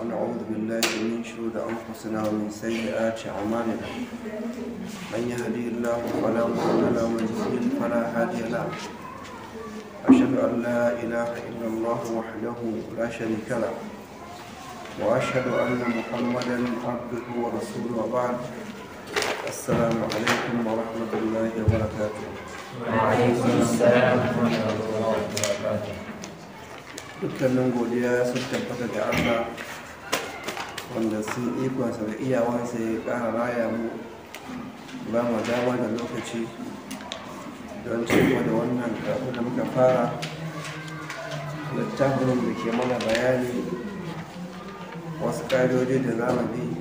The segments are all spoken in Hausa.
ونعوذ بالله من شرور أنفسنا ومن سيئات أعمالنا من يهدي الله فلا مضل له ومن يضلل فلا هادي له أشهد أن لا إله إلا الله وحده لا شريك له وأشهد أن محمدا عبده ورسوله وبعد السلام عليكم ورحمة الله وبركاته وعليكم السلام ورحمة الله وبركاته wanda sun ikonsa da iyawansa ya kara raya mu ba mu dama da lokaci don cewa da wannan karfi da muka fara littafin da ke mana bayani wasu ƙa'idodi da zamani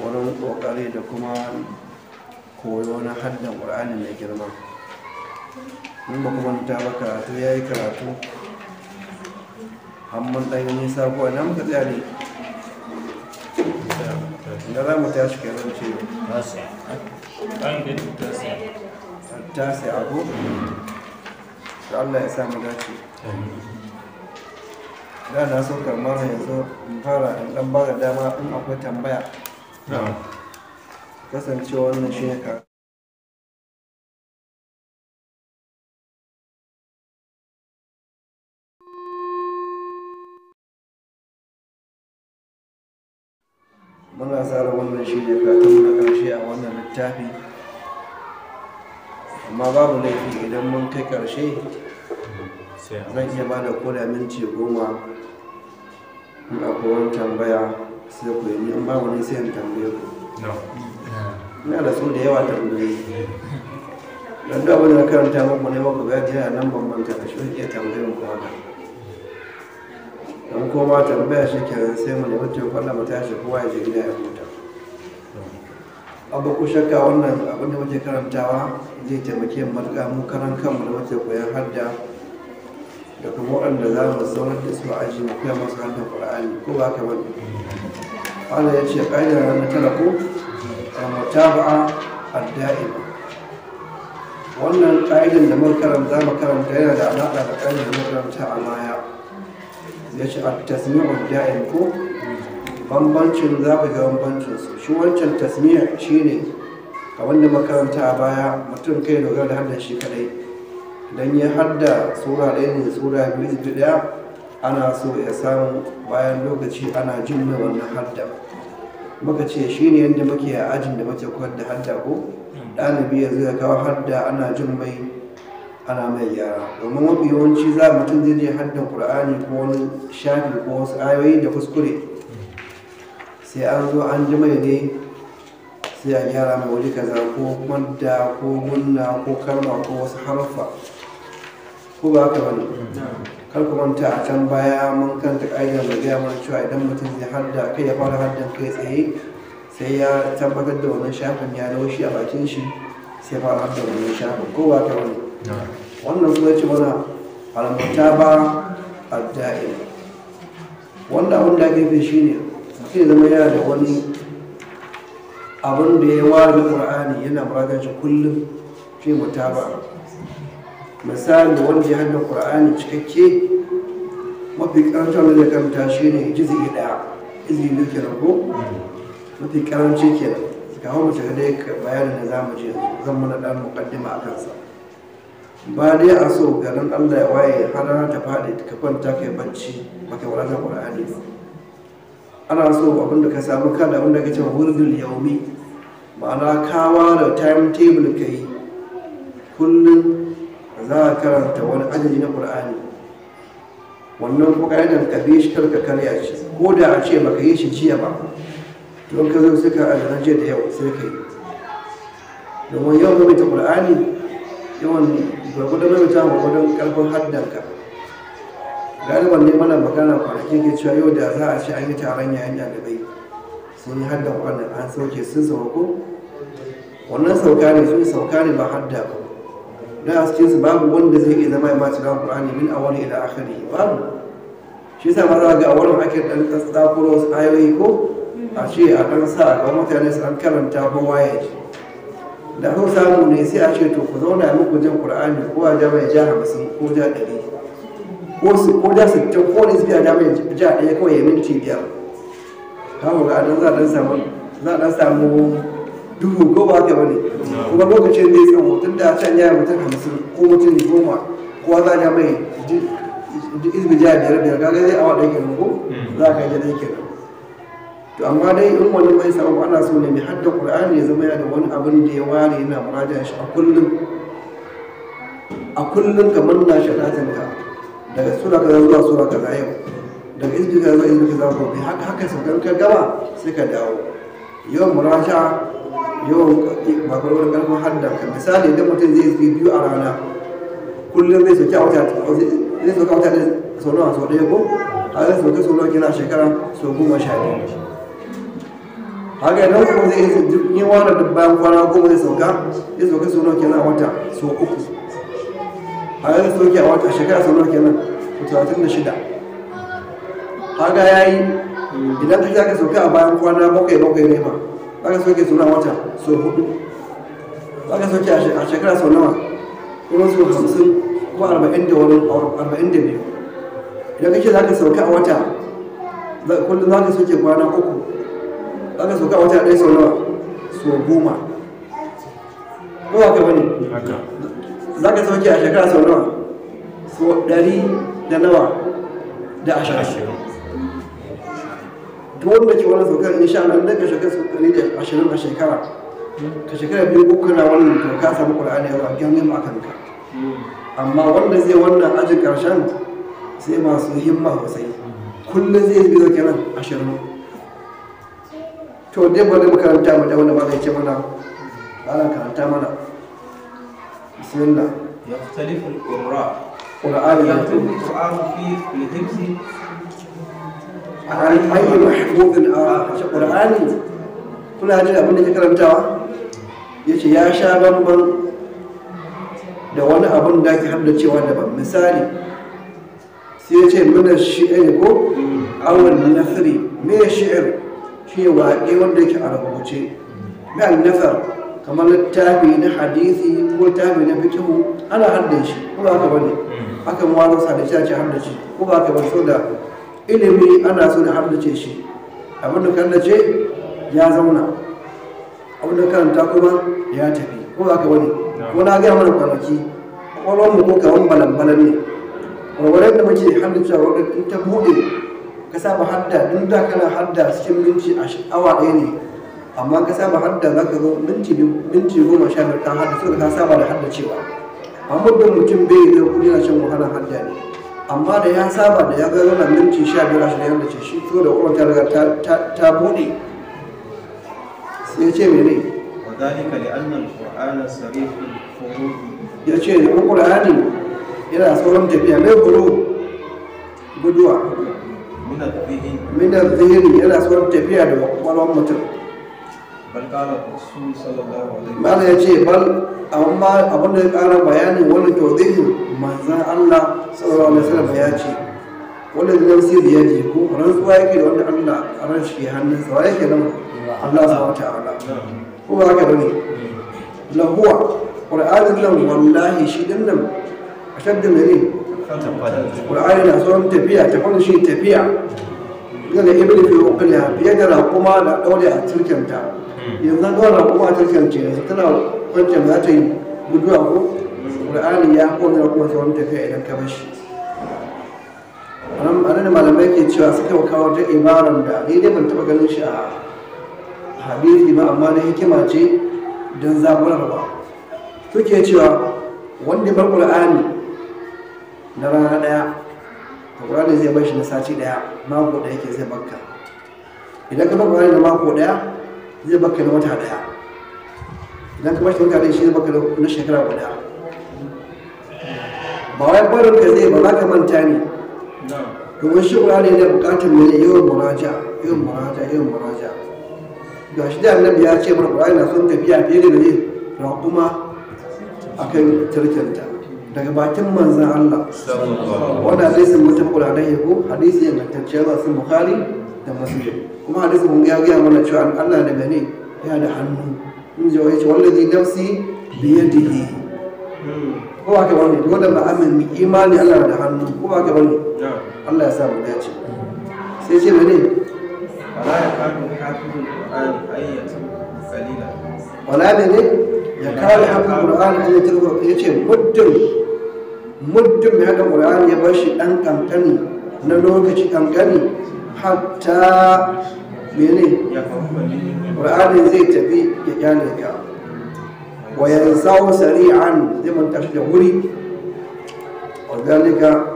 wurin ƙoƙari da kuma koyo na haddan ƙur'ani mai girma in ba kuma ta ba karatu ya yi karatu hannun ɗanyen nisa kuwa na muka tsari? da za mu tashi kenan ce tasi abu da Allah ya mu dace da na so kamar yanzu in fara in dan bara dama in akwai tambaya kasancewa wannan shi ne muna tsara wannan shi ne katon na ƙarshe a wannan littafi amma babu laifi idan mun kai ƙarshe zan iya ba da koda minti goma in akwai wani tambaya sai ku yi in babu ne sai in tambaye ku ina da su da yawa tambaye don da abin da karanta muku ne muku gajiya nan banbanta manta da shi iya tambayar ku haka in koma tambaya shi kenan sai mu nemi taimakon da mu tashi kowa ya je gida ya huta abu ku shakka wannan abin da muke karantawa zai taimake mu matuƙa mu karan kanmu da muke koyan hadda da kuma waɗanda za mu zaunar da su a aji mu koya masu hadda ƙur'ani ko ba ka wani Allah ya ce ƙa'idar na tara ko al-mutaba'a ad wannan ƙa'idar da mun karanta yana da alaƙa da ƙa'idar da mun karanta a baya ya ce a tasmi'ul da'in ko bambancin za ka ga bambancin su shi wancan tasmiya ne? a wanda makaranta a baya mutum kai dogara da hannun shi kadai Don ya hadda sura ɗaya ne sura biyu da ɗaya ana so ya samu bayan lokaci ana jin na wannan hadda muka ce shi ne yadda muke a ajin da muke koyar da hadda ko ɗalibi ya zai kawo hadda ana jin mai ana mai gyara domin mafi yawanci za mutum zai je haddin qur'ani ko wani shafi ko wasu ayoyi da kuskure sai an zo an ji mai ne sai a gyara mai waje kaza ko madda ko gunna ko kalma ko wasu harfa ko ba ka wani kar manta a can baya mun kanta ƙa'idar da gaya mana cewa idan mutum zai hadda kai ya fara haddin kai tsaye sai ya tabbatar da wannan shafin ya dawo shi a bakin shi sai fara hadda wannan shafin ko ba ka wani wannan kuma yace mana al ba ad wanda abin da ake fi ne mutum zama yana da wani abin da ya wara da ƙur'ani yana magance kullum fi ba. misali wanda ya hada ƙur'ani cikakke mafi karanta wanda ya karanta shi ne, juz'i ɗaya. izini da ke ko mafi karanci kenan ga wani shahadai bayanin da za mu je zan mana dan mukaddima a kansa ba dai a so garin Allah ya waye har ta faɗi ka kwanta kai bacci ba wala ta Qur'ani ba ana so abin da ka samu kada abin da kace wurdul yaumi ma'ana kawa da timetable ka yi kullum za a karanta wani adadi na ƙur'ani. wannan ko ka bi shi karka karya shi ko da a ce baka yi shi jiya ba to ka zo suka alhaji jiya da yau sai yi. domin yau ta yawan gwargwadon rubuta gudun karfin haddanka galiban ne mana magana kwanakin ke cewa yau da za a ce an yi taron yayin da bai sun yi haddan wannan an sauke sun sauko wannan sauka ne sun sauka ne ba hadda ba da a cikin su babu wanda zai iya zama ya mace da Qur'ani min awwali ila akhiri babu shi yasa ba ga awwalin ake dan tsakuro wasu ayoyi ko a ce a kan sa ga mutane su an karanta ba waye da kuma samu ne sai a ce to ku zauna muku jin qur'ani ko a jama'a jaha hamsin ko ja ɗari ko su ko ja sittin ko ne su biya jama'a ja ɗaya kawai ya minti biyar kawo ga dan za a ɗan samu za a ɗan samu duhu ko ba haka bane kuma lokacin zai tsawo tun da can ya mutum hamsin ko mutum goma kowa za a ji izbi ja biyar biyar ga zai awa ɗaya kenan ko za ka ji ɗaya kenan to amma dai in wani bai samu ana so ne mai hadda qur'ani ya zama yana wani abin da ya ware yana muraja shi a kullum a kullum ka manna shi ɗatinka daga sura ka zuwa sura kaza zaye daga izbi kaza zuwa izbi kaza gobe haka haka sau ka gama sai ka dawo yawan muraja yawan wani ƙarfin hadda ka misali idan mutum zai izbi biyu a rana kullum zai soke a wata zai soke a wata sau nawa sau ɗaya ko a zai soke sau nawa kina shekara sau goma sha biyu haka idan kuma zai iya duk yin wani bayan kwana goma zai sauka ya sauka sau nawa kenan a wata sau uku a yanzu sauke a wata shekara sau nawa kenan talatin da shida haka ya yi idan ka ka sauka a bayan kwana bakwai bakwai ne ma haka sauke sau nawa wata sau hudu haka sauke a shekara sau nawa kuma sau hamsin kuma arba'in da wani arba'in da biyu idan kake za ka sauka a wata kullum za ka sauke kwana uku kaga sauka wata ɗaya sau nawa sau goma ko haka bane za ka sauke a shekara sau nawa sau ɗari da nawa da ashirin duk wanda ke wannan saukar insha Allah daga shekara sau ɗari da ashirin a shekara ka shekara biyu ko kana wannan to ka samu da yawa gangan ma kanka amma wanda zai wannan ajin ƙarshen sai masu himma sosai kullum zai bi zo kenan ashirin to dai bari mu karanta mu da wanda ba zai ce mana ana karanta mana bismillah yaftalifu al-qurra qur'an yaktubu al-qur'an fi al-hibs an ayyi mahbubin ara qur'ani kuna jin abin da ke karantawa yace ya sha bamban da wani abin da ake da ba. misali sai ya ce muna shi'ir ko mm. awon nasiri me shi'ir shi ne waƙe wanda yake a rubuce mai annasar kamar littafi na hadisi ko littafi na fikihu ana haddace shi ko ba haka bane aka mawazo sa da shi ake hadda shi ko ba haka bane saboda ilimi ana so da haddace shi abin da kan ce ya zauna abin da karanta kuma ya tafi ko ba haka bane ko na gaya mana kwanaki kwakwalwar mu ko kawan balan balan ne kwakwalwar da muke haddacewa wadda ta buɗe ka saba hadda in da kana hadda cikin minti awa ɗaya ne amma ka saba hadda za ka zo minti minti goma sha biyar kan hadda saboda ka saba da hadda cewa amma duk mutum bai yi kuɗi na shan wahalar hadda ne amma da ya saba da ya zama minti sha biyar a shirya da ce shi to da kuma ta riga ta buɗe sai ya ce mene ne. li annal qur'ana sarihul ya ce da qur'ani yana sauran tafiya mai furu guduwa minar zihiri yana son tafiya da kwakwalwar mutum bala ya ce bal amma abin da ya kara bayani wani tawdihi manzan Allah sallallahu alaihi wasallam ya ce wani da sir ya ji ko rantsuwa yake da wanda Allah ran shi hannun wa yake nan Allah wata ala ko ba haka bane lahuwa qur'anin nan wallahi shi din nan da ne. ƙur'ani na tsoron tafiya ta kwanu shi tafiya daga ibn fi hukuliya fiye da rakuma da ɗaure a turkenta yanzu zuwa rakuma a turkenta yanzu tana kwanciyar za ta yi guduwa ko ƙur'ani ya kone raƙuma tsoron tafiya idan ka bashi anan malamai ke cewa suka kawo ta imanin da ni ne ban taɓa ganin shi a hadisi ba amma na hikima ce don zaburar ba suke cewa wanda bar ƙur'ani na rana ɗaya to ƙur'ani zai bar shi na sati ɗaya mako ɗaya ke zai bakka idan ka bar ƙur'ani na mako ɗaya zai bakka na wata ɗaya idan ka bashi shi wata ɗaya shi zai bakka na shekara guda ba wai barin ka zai ba za ka manta ne domin shi ƙur'ani ne buƙatar mai yawan muraja yawan muraja yawan muraja ga shi da annabi ya ce mana ƙur'ani na son tafiya fiye da ne raƙuma akan tarkanta daga bakin manzan Allah wanda hadisin mutafakul alaihi yabo hadisi ingantacce ba su bukhari da muslim kuma hadisin mun ya gaya mana cewa Allah da gane ya da hannu in ji wani ce wallazi nafsi bi yadihi ko ba ka wani wanda ba amin imani Allah da hannu ko ba ka wani Allah ya sa mu dace sai ce mene ولا يكاد حافظ القرآن أن يترك قليلا ولا يكاد حافظ القرآن أن يترك يترك مدن muddin mai haka ƙur'ani ya bashi ɗan ƙanƙani na lokaci ƙanƙani hatta mene ƙur'ani zai tafi ya kyale ka wa yansahu sari'an zai manta shi da wuri wa zalika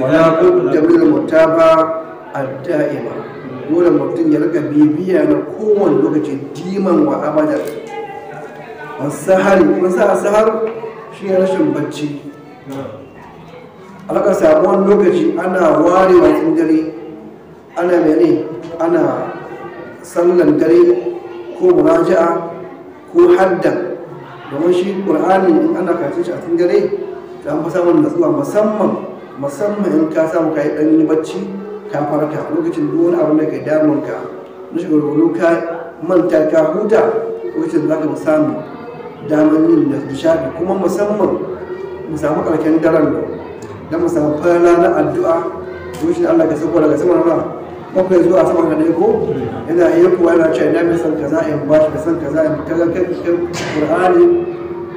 wala budda min mutaba ad dole mutum ya rika bibiya na kowane lokaci diman wa abada wasu sahari wasu sahar shi rashin bacci alaka samu lokaci ana ware watsin dare ana mene ana sallan dare ko muraja'a ko hadda domin shi ƙur'ani in ana kace shi a cikin dare da an fi samun natsuwa musamman musamman in ka samu ka yi ɗan bacci ka farka lokacin duk wani abin da ke damun ka na shugabanu ka manta ka huta lokacin za ka samu damar yin nishaɗi kuma musamman mu samu ƙarshen daren don mu samu fara na addu'a don da Allah ka sako daga sama ba bakwai zuwa sama ka ne ko yana iya kuwa yana cewa ina mai san kaza in ba shi da san kaza in kaga kai cikin ƙur'ani.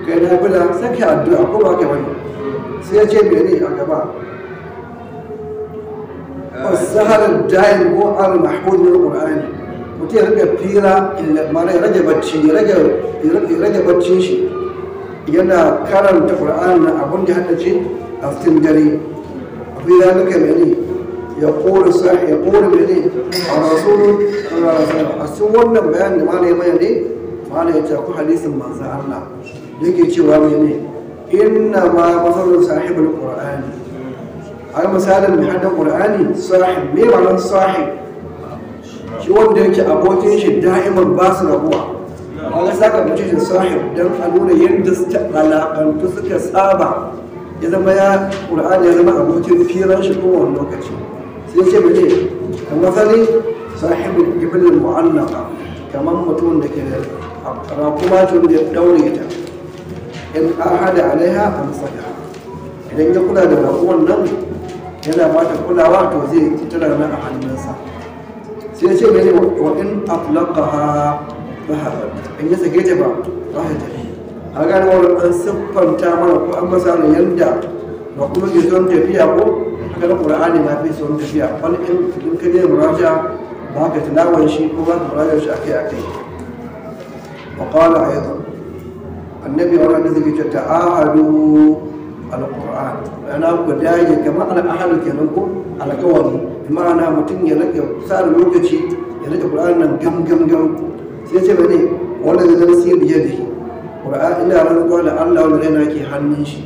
kai na bila sai ka addu'a ko ba ka wani sai ya ce mene a gaba sahar da'in ko al mahmud min ƙur'ani. mutum ya rage fira mara ya rage bacci ya rage baccin shi yana karanta qur'ani na abin da haddace a cikin dare akwai zalika mene ya kore sa ya kore mene a rasulun a cikin wannan bayan da malai mai ne malai ya tafi hadisin manzo Allah da yake cewa mene inna ma masalun sahibul qur'ani ai misalin da haddan qur'ani sahib me ma'anar sahib shi wanda yake abokin shi da'iman ba su rabuwa ka saka jin sahib don a nuna yadda suka alaƙantu suka saba ya zama ya ƙur'ani ya zama abokin firar shi wani lokaci sai ce mu a matsalin sahibin ibilin mu'allaka kamar mutum da ke rakuma tun da ya daure ta in ahada alaiha matsaka idan ya kula da rakuman nan yana ba ta kulawa to zai tana na a hannunsa sai ce mene wa in aflaqaha in ya sake ta ba ba ta tafi a gane wani an siffanta mana ko an masa ne yanda ba kuma ke son tafiya ko haka da ƙura'ani ma fi son tafiya wani in in ka ne muraja ba ka tilawar shi ko ba ka muraja shi akai akai wa qala aidan annabi wa rabbi zai ce ta'ahadu al-qur'an ana ku dage kamar al-ahadu kenan ko alƙawari ma'ana mutum ya rage sa lokaci ya rage qur'an nan gam gam gam sai ce bane wanda da nafsi bi yadihi qur'an ina rantsuwa da Allah wanda rena ke hannun shi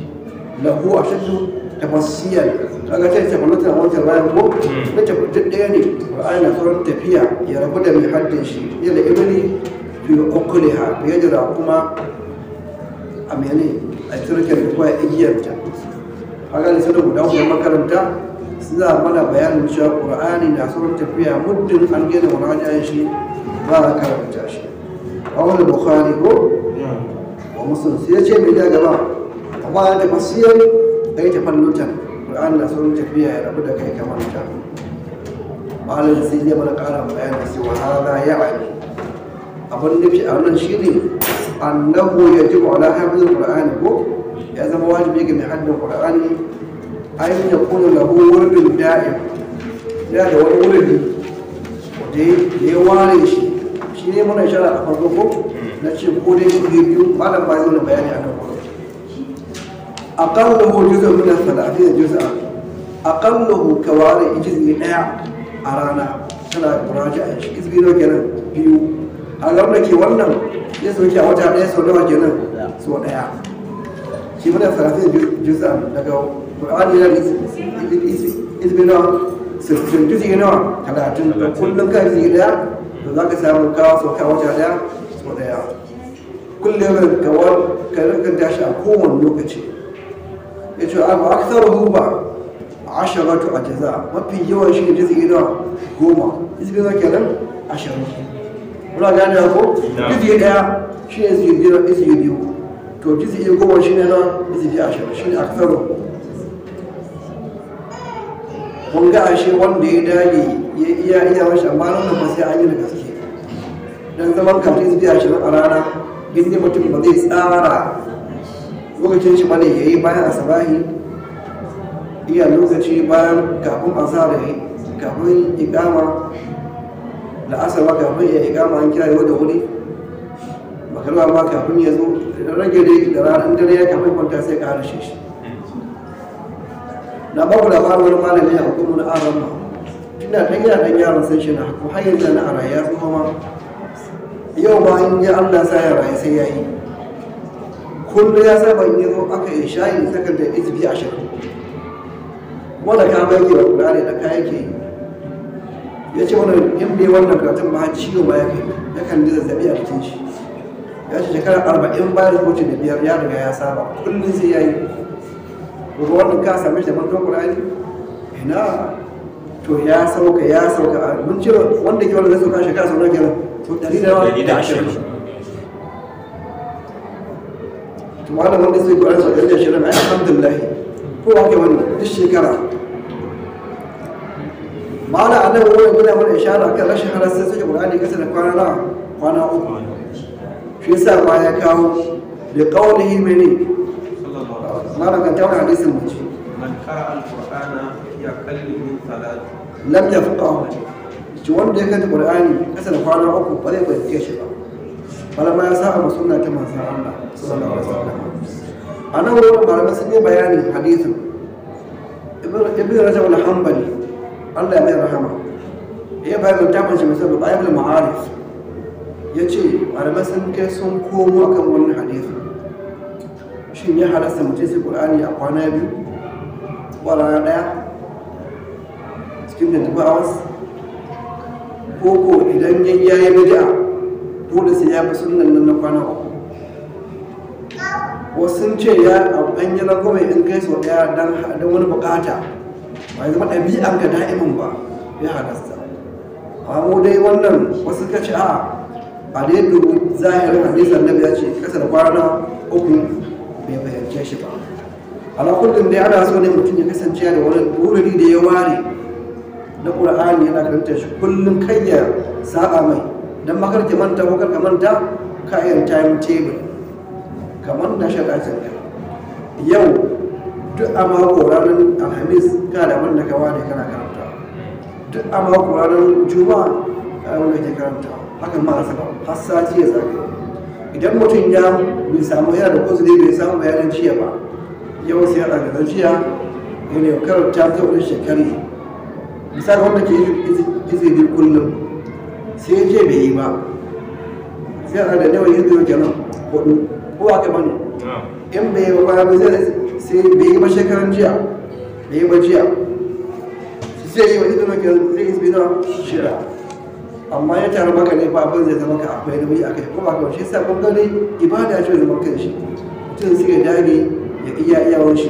shaddu ta fasiyar ta ga ce wannan tana wancan bayan ko na hmm. ce duk ɗaya ne ƙura'a na tsoron tafiya ya rabu da mai haddin shi ya da ibli fi da bi yadra kuma a mene a turkiyar da kuma hagan kaga da guda kuma makaranta suna mana bayanin cewa qur'ani na tsoron tafiya muddin an gina wani hanyar shi ba a karanta shi awal bukhari ko wa muslim sai ce mai da gaba amma da masiyar ai ta fallutan qur'an na sun tafiya ya rabu da kai kamar ta malin sai zai mana ƙara da sai wa hada ya ani abin nufi a wannan shine annahu yajibu ala hafizul qur'ani ko ya zama wajibi ga mai haddin qur'ani an ya kuna lahu wurin da'im ya da wani wurin da ya ware shi shi ne mana shara a farko ko na ce ko dai ne biyu da ba zai bayani a kan wani aqalluhu juz'un min al-thalathin juz'an aqalluhu kawari juz'i daya a rana tana a shi juz'i nawa kenan biyu a ga ke wannan ya sauke a wata daya sau nawa kenan sau daya shi mana da juza daga qur'ani na izbi nawa sirrin juz'i nawa talatin kullum kan juz'i ɗaya. da za ka samu ka sauka wata daya sau daya kullum yau da kawar ka rikanta a kowane lokaci ya ce a aksar huba asharatu a jaza mafi yawan shi ne jizi na goma jizi na kenan ashirin muna gane ko ya daya shi ne su yi biyu to jizi goma shi ne na a ashirin shi ne aksar kun ga ashe wanda ya dage ya iya iya wasu amma nan ba sai an yi da gaske dan zaman kafin su biya shirin a rana gindi mutum ba zai tsara lokacin shi bane ya yi bayan asabahi iya lokaci bayan kafin azhar ya kafin ikama da asaba kafin ya ikama an kira yau da wuri makarwa ma kafin ya zo da rage dai da ranar dare ya kafin kwanta sai ka harshe shi na bakwai labarin wani malami a hukumar aron ina ɗan yana ɗan yaron sai shi na haku har yanzu na a ya tsoma ma yau ba in ya Allah sa ya raye sai ya yi kullu ya saba in yau aka yi shayi saka da izbi a shekaru wanda ka bai wa kula ne da ka yake ya ce wani in bai wannan karatun ba ciwo ba ya kai ya kan ji zazzabi a cikin shi ya ce shekara arba'in bayan rubuce da biyar ya riga ya saba kullum sai ya yi ruwan ka same shi da mantan Qur'ani ina to ya sauka ya sauka a mun ce wanda ke wanda zai sauka shekara sau nawa kenan to ɗari da yawa da ashirin to wanda wanda zai gudanar sau ɗari da ashirin ai alhamdulillah ko wanke wani duk shekara malam annabi wani gina mana ishara kan rashin halarsa sai ne kasa da kwana nawa kwana uku shi sa ba ya kawo da ƙaunihi mene malam kan tauna hadisin mace man kara alƙur'ana lam yafqahu ci wanda ya kanta qur'ani kasa da kwana uku ba zai fahimce shi ba malama ya saba ta Allah a nan malamai sun yi bayanin hadisin ibn rajab Allah ya mai rahama ya da tafin shi ya ce malamai sun kai sun komo akan wannan hadisin shin ya halasta mutum sai qur'ani a kwana biyu ko ɗaya cikin 24 a wasu koko idan ya yayi bid'a dole sai ya fi sunan nan na kwana uku wasu ce ya an yi rangwame in kai sau daya don wani bukata ba ya zama ɗabi'an ga da'imin ba ya halasta amma dai wannan wasu ka ce a a dai dubu zahirin hadisi annabi ya ce kasar kwana uku bai fahimce shi ba ala da dai ana so ne mutum ya kasance da wani bururi da ya ware na ƙur'ani yana karanta shi kullum kai ya saba mai don makar ka manta ko ka manta ka kayan time table kamar da shaɗa ka yau duk a mako ranar alhamis ka da wanda ka ware kana karanta duk a mako ranar juma'a ka wanda ke karanta haka ma a saba har sati ya zagaye idan mutum ya bai samu yana da kuzuri bai samu bayanin jiya ba yau sai ya ɗaga jiya ne karanta ta wani shekaru misal wanda ke izini kullum sai ya je bai yi ba sai a da yawan izini kenan hudu ko haka ba ne in bai yi ba kwana sai bai yi ba shekaran jiya bai yi ba jiya sai yi wa izini kenan zai yi na shida amma ya taru maka ne ba abin zai zama ka akwai nauyi a kai kuma ka shi sa bangare ibada ce zama kan shi mutum sai ya dage ya iya iyawar shi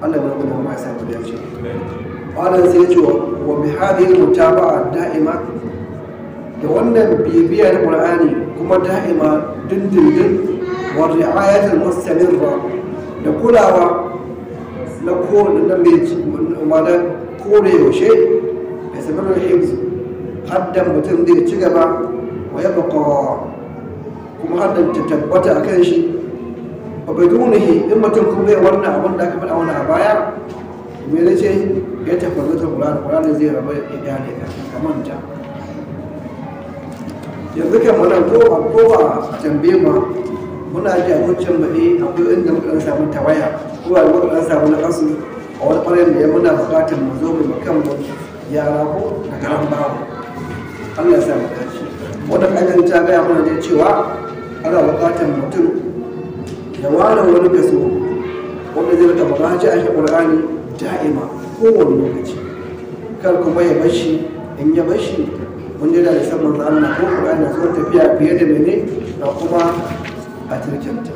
Allah ya rabu da mu ya samu dace. malam sai ce wa bi hadhihi mutaba'a da'ima da wannan bibiyar qur'ani kuma da'ima dindindin wa ri'ayat al-mustamirra da kulawa na ko na mai mana kore yaushe da sabirin hibs haddan mutum zai ci gaba wa ya bakawa kuma haddan ta tabbata a kan shi ba bai dunihi in mutum kuma ya wannan abin da aka faɗa wani a baya mai na ce ya da kula da zai rabu ya gane ka ka manta yanzu kan wannan ko a ko a tambaye ma muna ji abincin baɗi akwai inda muka ɗan samu tawaya ko a muka ɗan samu na kasu a wani ɓangaren da ya muna buƙatar mu zo mu kan mu yara ko a karan ba Allah ya sa mu dace wannan ƙaƙan ta gaya mana dai cewa ana buƙatar mutum ya ware wani kaso wanda zai rika a shi ƙur'ani da'ima kowane lokaci kar kuma ya bashi in ya bashi wanda yana da saman manzo Allah ko kuma yana zuwa tafiya fiye da mene da kuma a tirkinta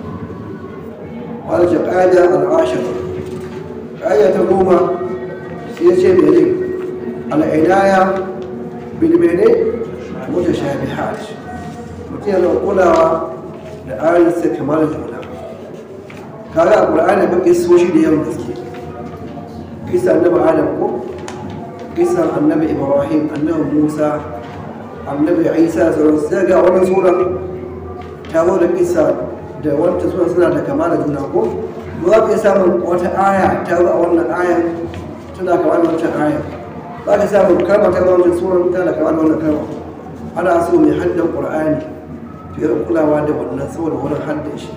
wal jaqada al ashara ta goma sai ya ce mene al inaya bil mene hajji mutum yana kulawa da ayoyinsa kamar juna kaga a ƙur'ani bakin soshi da yawan gaske kisa annabi adam ko kisa annabi ibrahim annabi musa annabi isa sauran sai ga wani suran ta zo da kisa da wata suran suna da kama da juna ko za ka samun wata aya ta zo a wannan ayan tana kama da wancan ayan za ka samun kalma ta zo wancan suran tana kama da wannan kalma ana so mai haddan qur'ani fiye da kulawa da wannan saboda wurin haddan shi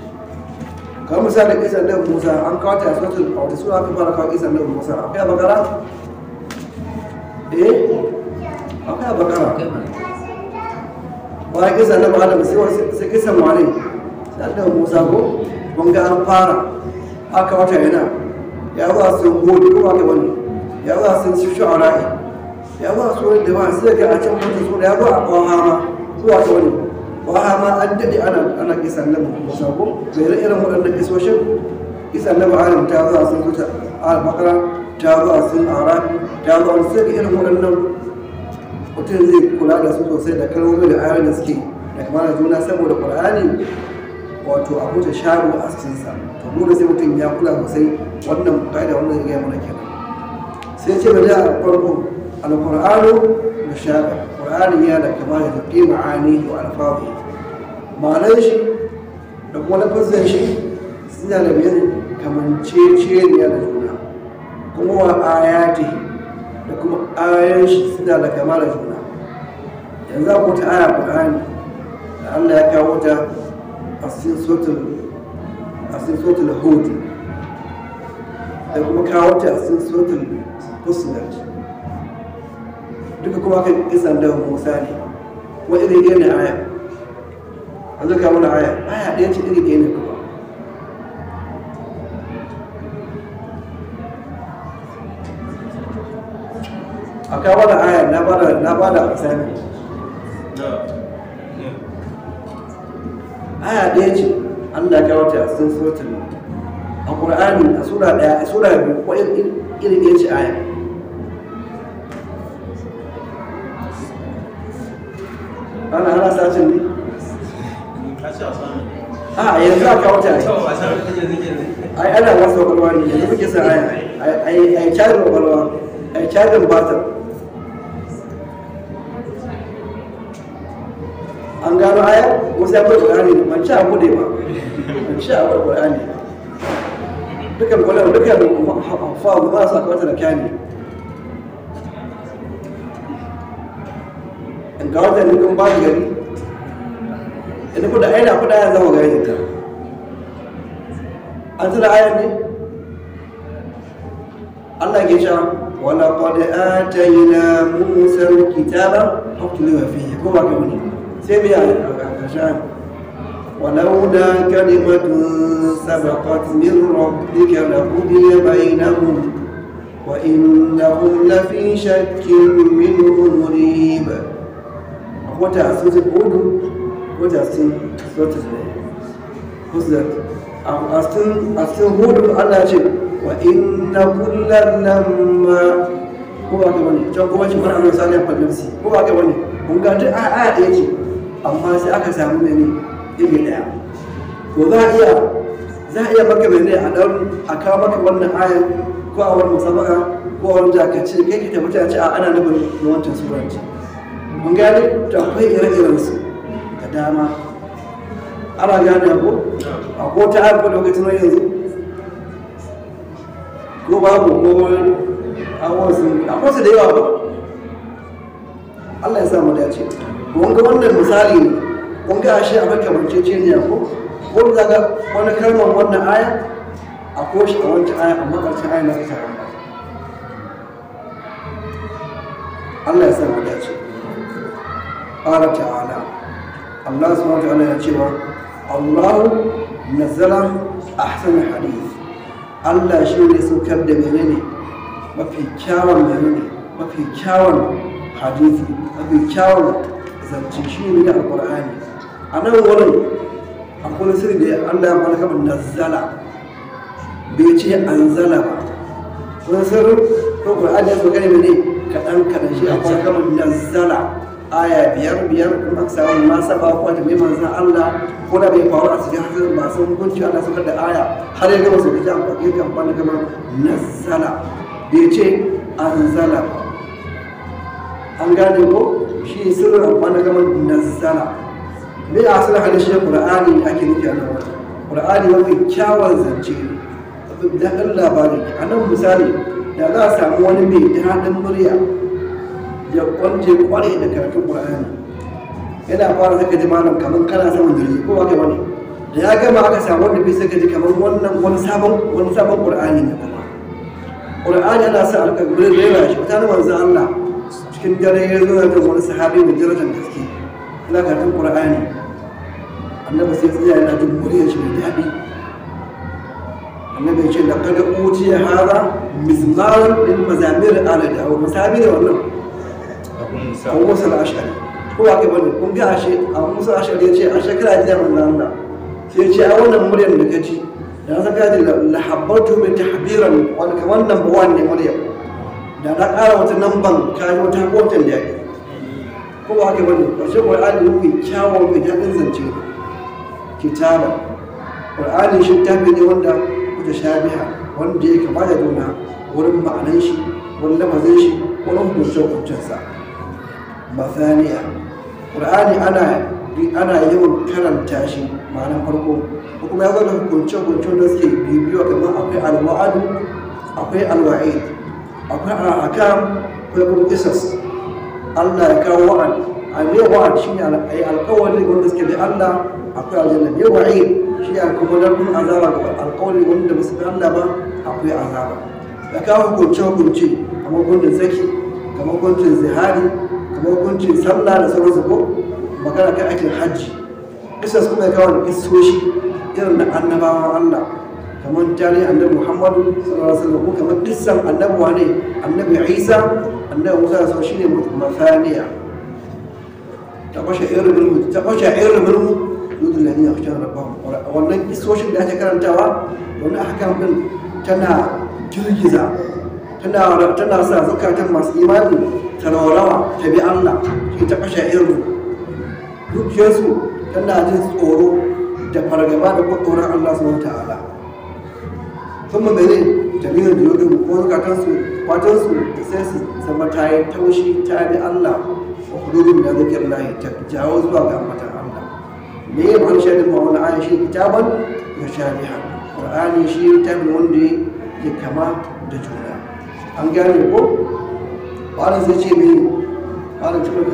kamar misali isan nan musa an kawo ta suratul a wata sura aka fara kawo isan nan musa akwai bakara eh akwai bakara bayan isan nan adam sai wani sai isan wani sai nan musa ko kun ga an fara aka wata yana ya zuwa sun gode kuma ga wani ya zuwa sun ci shu'ara ya zuwa sun da ma sai ga a can mutum sura ya zuwa a kwan hama zuwa ta wani ba ma an daɗe ana kisa annabi musa ko da irin waɗannan kisoshin kisa annabi adam ta zuwa sun kuta al-baqara ta zo sun arabi ta zuwa sun sai irin waɗannan mutum zai kula da su sosai da kalmomi da ayoyin da suke da kamar juna saboda qur'ani wato a huta sharu a cikinsa to da sai mutum ya kula sosai wannan da wannan ya gaya mana kenan sai ce ba da farko القرآن مشابه القرآن يا لك ما في معانيه وألفاظه معناه شيء da kuma lafazin shi suna da biyar kamanceceniya da juna kuma wa ayati da kuma ayoyin shi suna da kama da juna yanzu akwai ta aya Qur'ani da Allah ya kawo ta a cikin sotul hud da kuma kawo ta a cikin sotul fusnat duka kuma kan kisan da musa ne wa irin ɗaya ne aya a zuka mana aya aya ɗaya ce irin ɗaya ne kuma a kawo da aya na bada na bada misali aya ɗaya ce allah ya kawo ta sun sotin a ƙur'ani a sura ɗaya a sura biyu ko irin ɗaya ce aya ana hana sacin ne a yanzu a kawo ta ai ana wasu kwakwalwa ne yanzu muke sa aya ai cajin kwakwalwa ai cajin batar an gano aya wasu ya kwai ƙwarani ne ban ci a kuɗe ba ban ci a kwai ƙwarani dukan kwallon dukan hafafa ba za su akwai ta da kyani ga watan nufin ba gari inda kuda aina kuda ya zama gari ta an tuna ayar ne Allah ke sha wala qad atayna musa alkitaba huktulu fihi ko ba kawai sai biya ka sha ولولا كلمة سبقت من ربك لقضي بينهم وإنهم لفي شك منه مريب what are Susie Bodu, what are still sort of Who's that? I'm still, I'm still holding Allah ce wa inna ko ba ka bane can kuma shi Qur'ani sai ya faɗi Who are amma sai aka samu mene ibi daya to za a iya za a iya maka a dan a kawo maka wannan ayar ko a wani musabaka ko a wani jakace kai ka tabbata a ce a ana nufin wancan sura mun gane ta akwai ire-iren su da dama ana gane ko a ko ta harkar lokacin nan yanzu ko babu ko awon sun akwai su da yawa ba Allah ya sa mu dace mun ga wannan misali ne kun ga ashe abin kamanceceniya ko ko za ga wani kalmar wannan aya a koshi a wancan aya amma ƙarshen aya na ita Allah ya sa ƙara ta'ala Allah su wa ala ya cewa Allah na a ahsan hadith Allah shi ne saukar da ne mafi kyawun ne mafi kyawun hadisi mafi kyawun zance shi ne da alƙur'ani a nan wurin akwai sirri da Allah ya fara kamar nazala bai ce an zala ba wani sirri ko ƙur'ani ya sauka ne kaɗan kaɗan shi akwai kamar nazala aya biyar biyar kuma aka samu masa saba ko ta mai Allah ko da bai faru a cikin hasan masu hukunci Allah suka da aya har ya gama sauke kan bakin kan ban gama nazzala bai ce anzala an gane ko shi sirrin ban gama nazzala me a asalin halishin Qur'ani ake nufi a nan Qur'ani wani kyawun zance da ɗan ba a nan misali da za a samu wani mai daɗin murya ya kwanje kware da karatun qur'ani yana fara saka ji malam kamar kana saman jirgi ko wake wani da ya gama aka samu wanda bai saka ji kamar wannan wani sabon wani sabon qur'ani ne kuma qur'ani yana sa alƙa da rera shi ta wanzu Allah cikin dare ya zo da wani sahabi mai darajar gaske yana karatun qur'ani annabi sai tsaya yana jin muryar shi da daɗi annabi ya ce da kada hadha haza lil mazamir ala da'awa musabi da wannan abu musa ashari ko ba kai bane kun ga ashe abu musa ashari ya ce an shekara jiya manzo Allah sai ya ce a wannan muryar da kaji da zan ga da lahabbatu bi tahbiran wani kaman nan ba wani muryar da na ƙara wata namban kayi wata hakotan da yake ko ba kai bane ashe Qur'ani ne mai kyawawan mai dadin zance kitaba Qur'ani shi tafi ne wanda mutashabiha wanda ya ba da wurin ma'anan shi wani lamazin shi wani hukuncin hukuncinsa mathaniya ƙur'ani ana ana yawan karanta shi ma'anar farko kuma ya gwada hukunce-hukunce da suke bibiyo kamar akwai alwa'adu akwai alwa'i akwai al'akam akwai kuma kisas allah ya kawo wa'ad a ne wa'ad shi ne a yi wanda suke da allah akwai aljanna ne wa'i shi ne kuma na kun azaba ga alkawari wanda ba su da allah ba akwai azaba ya kawo hukunce-hukunce kamar gudun zaki kamar gudun zihari hukuncin sallah da sauransu ko magana kan aikin hajji isa su kuma kawo kisoshi irin na annabawa allah kamar jari annabi Muhammad sallallahu alaihi wasallam ko kamar dissan annabi wane annabi isa annabi musa wasallam shine masaniya ta kwashe irin mulmu ta kwashe irin mulmu yudul ladina yakhshawna rabbahum wannan kisoshin da ake karantawa wannan ahkam din tana girgiza tana tana sa zukatan masu imani ta rawa ta bi Allah shi ta kashe irin dukiyarsu tana jin tsoro da fargaba da kwakwaran Allah subhanahu ta'ala kuma mene jami'ar jirgin ko zukatansu kwatansu da sai su zama ta yi taushi ta bi Allah wa kudurun da zikir lahi ta jawo zuwa ga ambatan Allah me ya ban shaidin wani ayan shi kitaban ya shabiha qur'ani shi littafin wanda ya kama da juna an gane ko malam zai ce mai cikin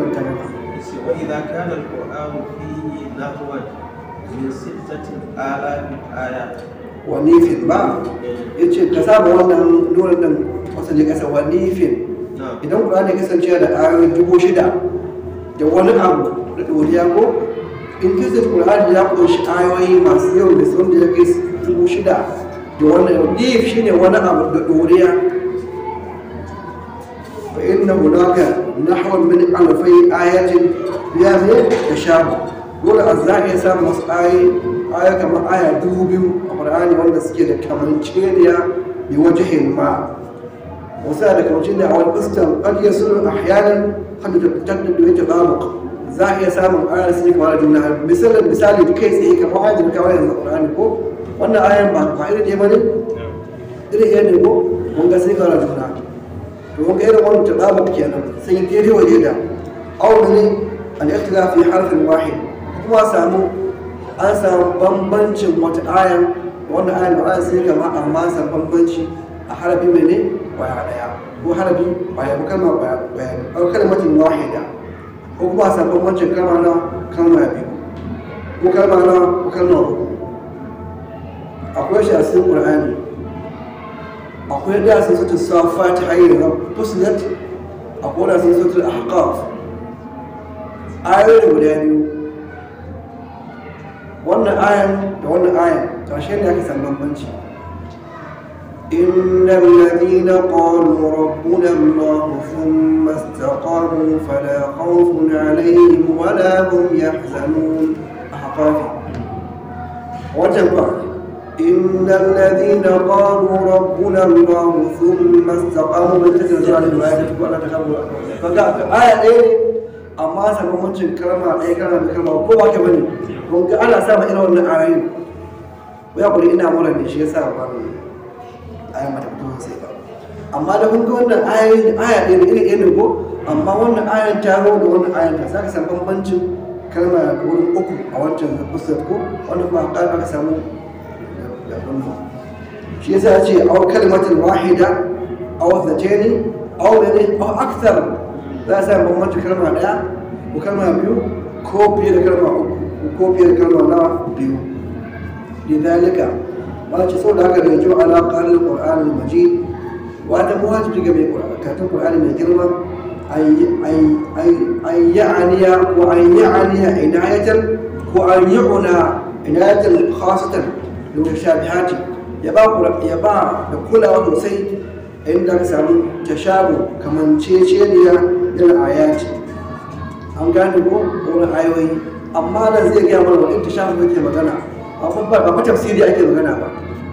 wanifin ba ya ce ka saba wannan nan ɗin wasanci ƙasa wanifin idan ƙura ne kasance da ayoyin dubu shida da wani abu da ɗoriya ko in da ƙur'ani ya kunshi ayoyi masu yau da sun da ya kai dubu shida da ne wani abu da ɗoriya فإن هناك نحو من ألفي آية da تشابه dole a za iya samun wasu ayi aya kamar aya dubu biyu a ƙur'ani wanda suke da kamanceniya bi wata himma wasu da kamanceniya a wani fuskan ƙarya sunan ahyanan hannu da fitar da domin ta bamu za a iya samun ayar su kamar juna misalin kai tsaye kamar ayar da kawai yanzu ƙur'ani ko wannan ayar ba ba irin ne ba ne irin ne ko mun ga sai juna domin ga irin wannan tadabut kenan sun yi daidai wa daida aw ne al-ikhtilaf fi harfin wahid kuma samu an samu bambancin wata ayan wannan ayan da ayan sai kama amma san bambanci a harafi mai ne kwaya daya ko harafi kwaya ko kalma kwaya ko kalmatin wahida ko kuma san bambancin kalma na kalma biyu ko kalma na ko kalma uku akwai shi a cikin qur'ani akwai da sai sautin safa ta hanyar na fusilat akwai da sai sautin ahqaf ayoyi guda biyu wannan ayan da wannan ayan ƙarshen ne aka san bambanci إن الذين قالوا ربنا الله ثم استقاموا فلا خوف عليهم ولا هم يحزنون أحقافا ba. إن الذين قالوا ربنا الله ثم استقاموا لتتزال الولايات ولا تخافوا فقال آية إيه amma sakamancin karama ɗaya kana da karama ko ba ka bane kun ga ana sa ma irin wannan ayoyin ya kuri ina mura ne shi yasa ba mu aya mata fito sai ba amma da kun ga wannan ayoyin aya ɗaya ne irin irin amma wannan ayan ta ro da wannan ayan ta saka san bambancin kalma wurin uku a wancan kusur ko wannan ba ka samu في ذاتي أو كلمة واحدة أو اثنتين أو لديه أو أكثر لا زال بمجر كلمة لا وكلمة بيو كوبي لكلمة وكوبي لكلمة لا بيو لذلك ما تصول هكا يجو على قال القرآن المجيد وأنا مواجب لك بيقول كاتب القرآن المجيد أي أي أي أي يعني وأن يعني عناية وأن يعنى عناية خاصة da mutashabihati ya ba ya ba da kulawa sosai inda ka samu tashabu kamanceceniya da ayati an gane ko wani ayoyi amma da zai gaya mana wani tashabu yake magana ba ba tafsiri ake magana ba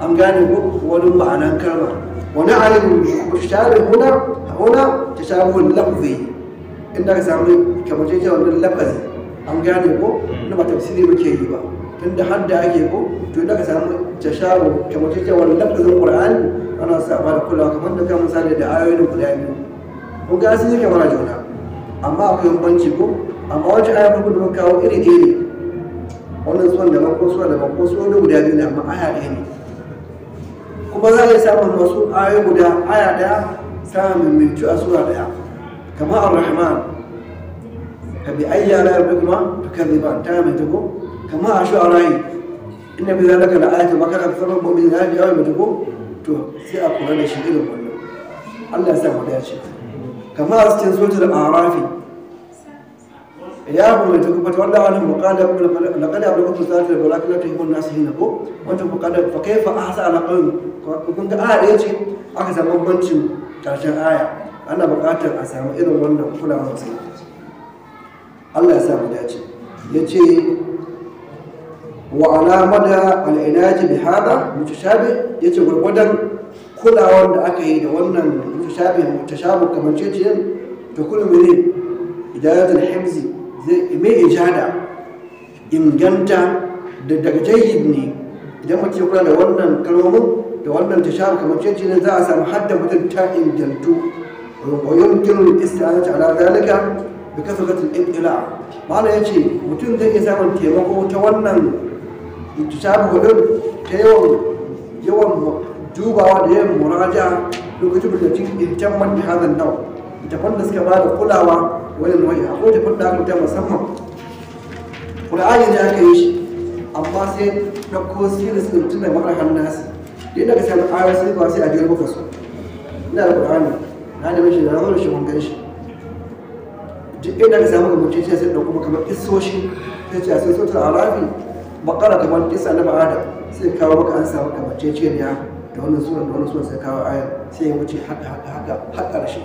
an gane ko wani ma'anan karma wani ayin tashabu huna huna tashabu lafzi inda ka samu kamanceceniya wannan lafzi an gane ko na ba tafsiri muke yi ba tun da hadda ake ko to da ka samu tashawo kamar cikin wani lafazin qur'ani ana saba da kulawa kamar da kan misali da ayoyin guda biyu kun ga sun yake mana juna amma akwai banci ko amma wajen aya farko da kawo iri iri ne wannan suwan da ko suwan da ko suwan da guda biyu ne amma aya ɗaya ne kuma za a yi samun wasu ayoyi guda aya ɗaya samun mintu a sura ɗaya kamar ar-rahman ka bi ayyana rabbikuma tukadhiban ta mai tako kama a sha'arai inda bai zalaka da ayata maka da sanar ba mai zafi yawon mutu ko to sai a kula da shi irin wannan allah ya sa mu dace kama a cikin sotar arafi ya bu mai tuku fata wanda wani muqada laqad ablaqa tusatir wa lakin la tuhibbun nas hina ko wanda muqada fa kayfa ahsa ala qawm kun ga aya da ce aka samu bambancin karshen aya ana buƙatar a samu irin wannan kulawa sosai Allah ya sa mu ya ce wa ala mada al'inaji bi hada mutashabi ce gurgudan kulawar da aka yi da wannan mutashabi mutashabi kamar cece to kullu mene ijadat al-himzi zai mai ijada inganta da daga jayyid ne idan mutum kula da wannan kalmomin da wannan tashabi kamar cece ne za a samu hadda mutum ta ingantu wa yumkinu al-isti'anatu ala zalika bi kasratil ibtila ma'ana ce mutum zai iya samun taimako ta wannan ittisabu din ta yawan yawan dubawa da yawan muraja lokacin da bulletin intan man hadan nau tafan da suka bada kulawa wajen wani A tafan da aka musamman qur'ani da aka yi shi amma sai ɗauko sirri sun tuna mara hannun nasi da yadda ka sami ayoyi sai ba sai a jirgin kasu ina da qur'ani na da mishi da rahoton shi mun gan shi duk inda ka samu rubuce sai sai ɗauko kamar isoshi ta ce a sai sautar arabi bakara kamar kisa na ba'ada sai kawo maka an samu ya da wannan suran da wannan suran sai kawo ayar sai ya wuce haka haka haka har ƙarshe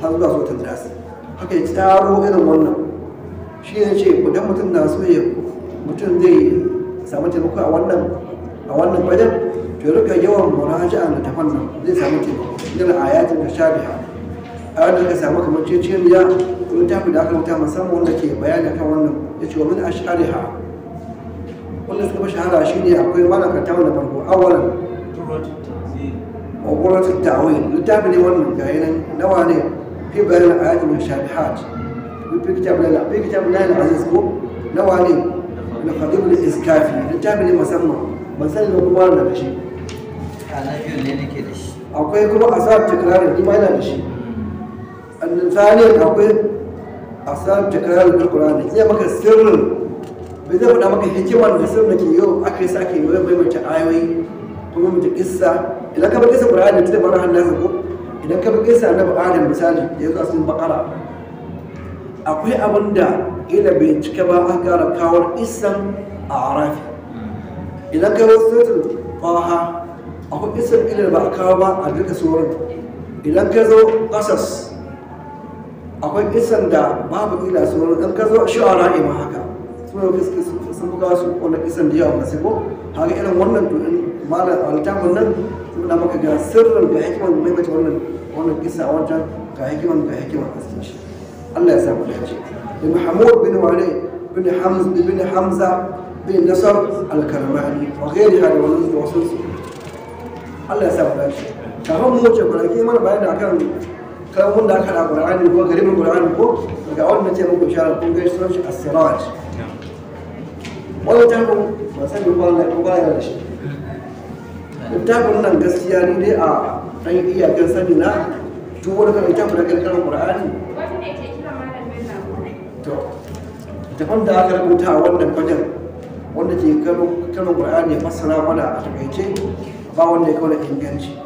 har zuwa zuwa tandrasi haka ya taro irin wannan shi ne ce idan mutum na so ya mutum zai samu taimako a wannan a wannan bajan to ya rika yawan muraja'a da tafan nan zai samu taimako irin ayatin da shabiha a wanda ka samu kamar kamanceceniya littafi da aka rubuta musamman wanda ke bayani kan wannan ya ce wa a min ashariha wanda suka fi shahara shi ne akwai malaka ta wani farko awalan ƙwaƙwarwar tawi littafi ne wannan ga yanan nawa ne fi bayan ayat min shabihat fi kitab lana fi kitab lana aziz ko nawa ne na khadim da iskafi littafi ne musamman ban da kuma na da shi akwai kuma a sa asar da kuma yana da shi annan akwai a asar tikrarin da kurani zai maka sirrin bai zai faɗa maka hikimar da sirrin ke yau aka yi sa yi yau mai mace ayoyi kuma mai mace kissa idan ka bi kissa Qur'ani da tunan hannun nasa ko idan ka bi kissa na Adam misali da ya zo cikin akwai abin da ila bai cika ba a ƙara kawar isan a arafi idan ka yi wasu suratul Taha akwai isan ila ba a kawo ba a duka sauran idan ka zo ƙasas akwai isan da babu ila sauran idan ka zo shu'ara ma haka sun buga su kona isan da yawa masu ko haka irin wannan to in malam altamun nan sun na maka ga sirrin ga hikimar mai mace wannan wannan kisa a wancan ga hikimar ga hikimar a cikin shi Allah ya samu dace da Muhammad bin Wale bin Hamz bin Hamza bin Nasar al-Karmani wa ghairi hada wannan da wasu Allah ya da ko garibin Qur'ani ko ce muku isharar kun gaishe sunan shi wani takon ba san yi kwana ko ba ya da shi littafin nan gaskiya ni dai a ɗan iyakar sani na duk wani kan littafin na ƙarƙarar ƙur'ani to tafan da aka rubuta a wannan fajar wanda ke karin ƙur'ani fassara mana a taƙaice ba wanda ya kawo da inganci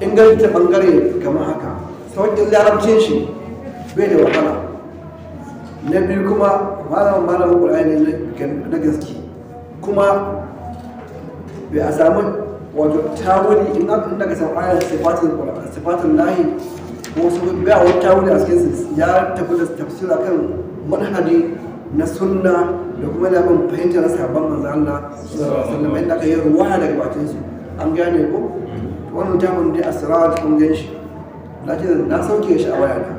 inganci ta ɓangare kamar haka sauƙin larabcin shi bai da wahala na biyu kuma malamin malamin ƙur'ani na gaske kuma bai a samu wato tawuli in aka daga samu ayar sifatin ƙur'ani sifatin lahi ko su bai a wani tawuli a cikin ya tafi da tafsira kan manhaji na sunna da kuma na bin fahimtar na sabon manzo Allah sallallahu alaihi aka yi ruwa daga bakin su an gane ko wannan tamun dai asrar kun gan shi na sauke shi a wayana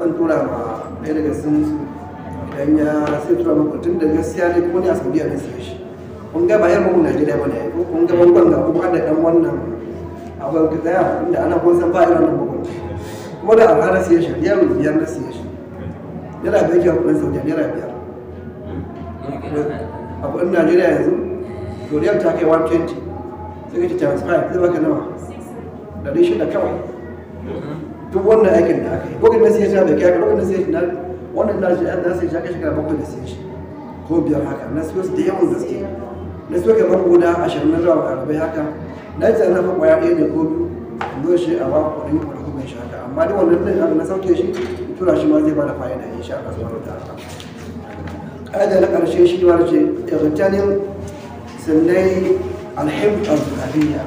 ban tura ma ɗaya daga sun su dan ya sai tura muku tun da gaskiya ne kuma ne a saudiya na siya shi kun ga bayan mu najeriya ba ne ko kun ga bangon ga kuma da dan wannan abu ga daya inda ana ko san ba irin nan bangon kuma da al'ada siya shi riyal biyar na siya shi naira biyar ke kudin saudiya naira biyar a kudin najeriya yanzu to riyal ta kai 120 sai ka ci transfer zai baka nawa da dai shida kawai duk wannan aikin da aka yi ko kan nasiya ta bai kai ko kan nasiya ta wannan da shi na sai shi shekara bakwai da sai shi ko biyar haka na siyo su da yawan gaske na siyo kamar guda ashirin na zuwa ɗalibai haka na ce na faɓa ya ɗaya ne ko biyu zo shi a ba kuɗin kuɗin kuɗin shi haka amma duk wannan ɗin haka na sauke shi tura shi ma zai ba da fa'ida in sha Allah subhanahu ta'ala ƙa'ida na ƙarshe shi ma ce ihtanim sunnai alhib al-zuhabiyya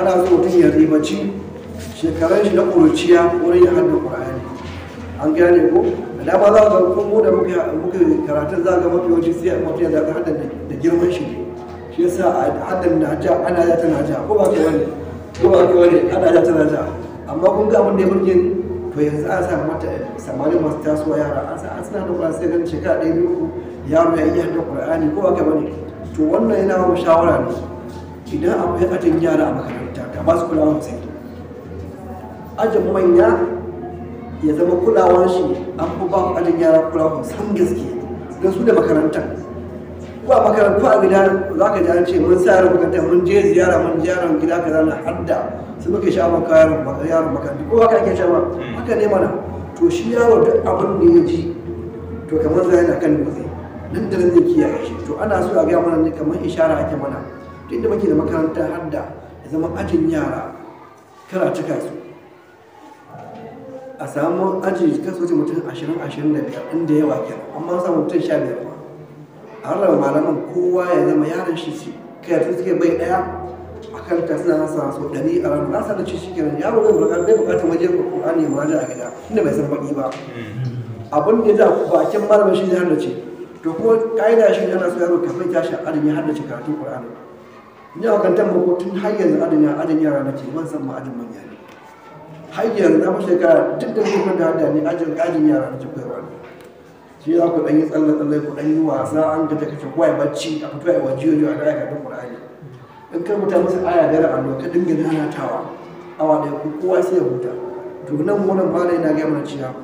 ana so mutum ya ribaci shekarun shi na ƙuruciya wurin ya hadda ƙur'ani an gane ko da ba za a kun mu da muka karatun za ga mafi yawanci sai mafi yawanci da haddan da girman shi ne shi yasa haddan da ja ana ya tana ja ko ba ke wani ko ba ke wani ana ya tana ja amma kun ga abin da ya to yanzu an samu mata samari masu tasowa yara an san an suna da ƙwarar sai ganin shekara ɗaya biyu uku yaro ya iya haddan ƙur'ani ko ba ke wani to wannan yana ba shawara ne idan akwai ajin yara a makaranta ta ba su kulawa sosai ajin manya ya zama kulawar shi an fi ba adin yara kulawa san gaske don su da makaranta ba makarantu a gida za ka ji ce mun sa yaran makaranta mun je ziyara mun je yaran gida kaza na hadda su muke sha maka yaran makaranta ko haka ake sha ma haka ne mana to shi yaro duk abin da ya ji to kamar zai yana kan dutse nan da nan zai kiyaye shi to ana so a ga mana ne kamar ishara ake mana duk da muke da makaranta hadda ya zama ajin yara kara su a samu aji kasu su mutum ashirin ashirin da biyar inda yawa kenan amma samu mutum sha biyar ba a rarraba malaman kowa ya zama yaran shi ce kai tun suke bai daya a kan ta suna nasa so ɗari a ranar nasa da ci shikenan yaro bai bukata bai ko wajen ƙur'ani ya muraja a gida inda bai san baƙi ba abin da ya za bakin malamin shi zai hannace to ko ka'ida shi yana so yaro kafin tashi adin ya haddace karatun ƙur'ani ni a kan tambar tun har yanzu adin ya adin ce, nake ban san ma adin manya ne hanyar na na shekara duk da kuma da hada ne ajin ajin yara da cikin rani shi za ku ɗan yi tsalle tsalle ku ɗan yi wasa an ta kace kwaye bacci a fito a waje waje a ga ka da Qur'ani in kai mutum musu aya da ra'a allo ka dinga tawa awa da ku kowa sai ya huta to nan nan bala ina ga mana cewa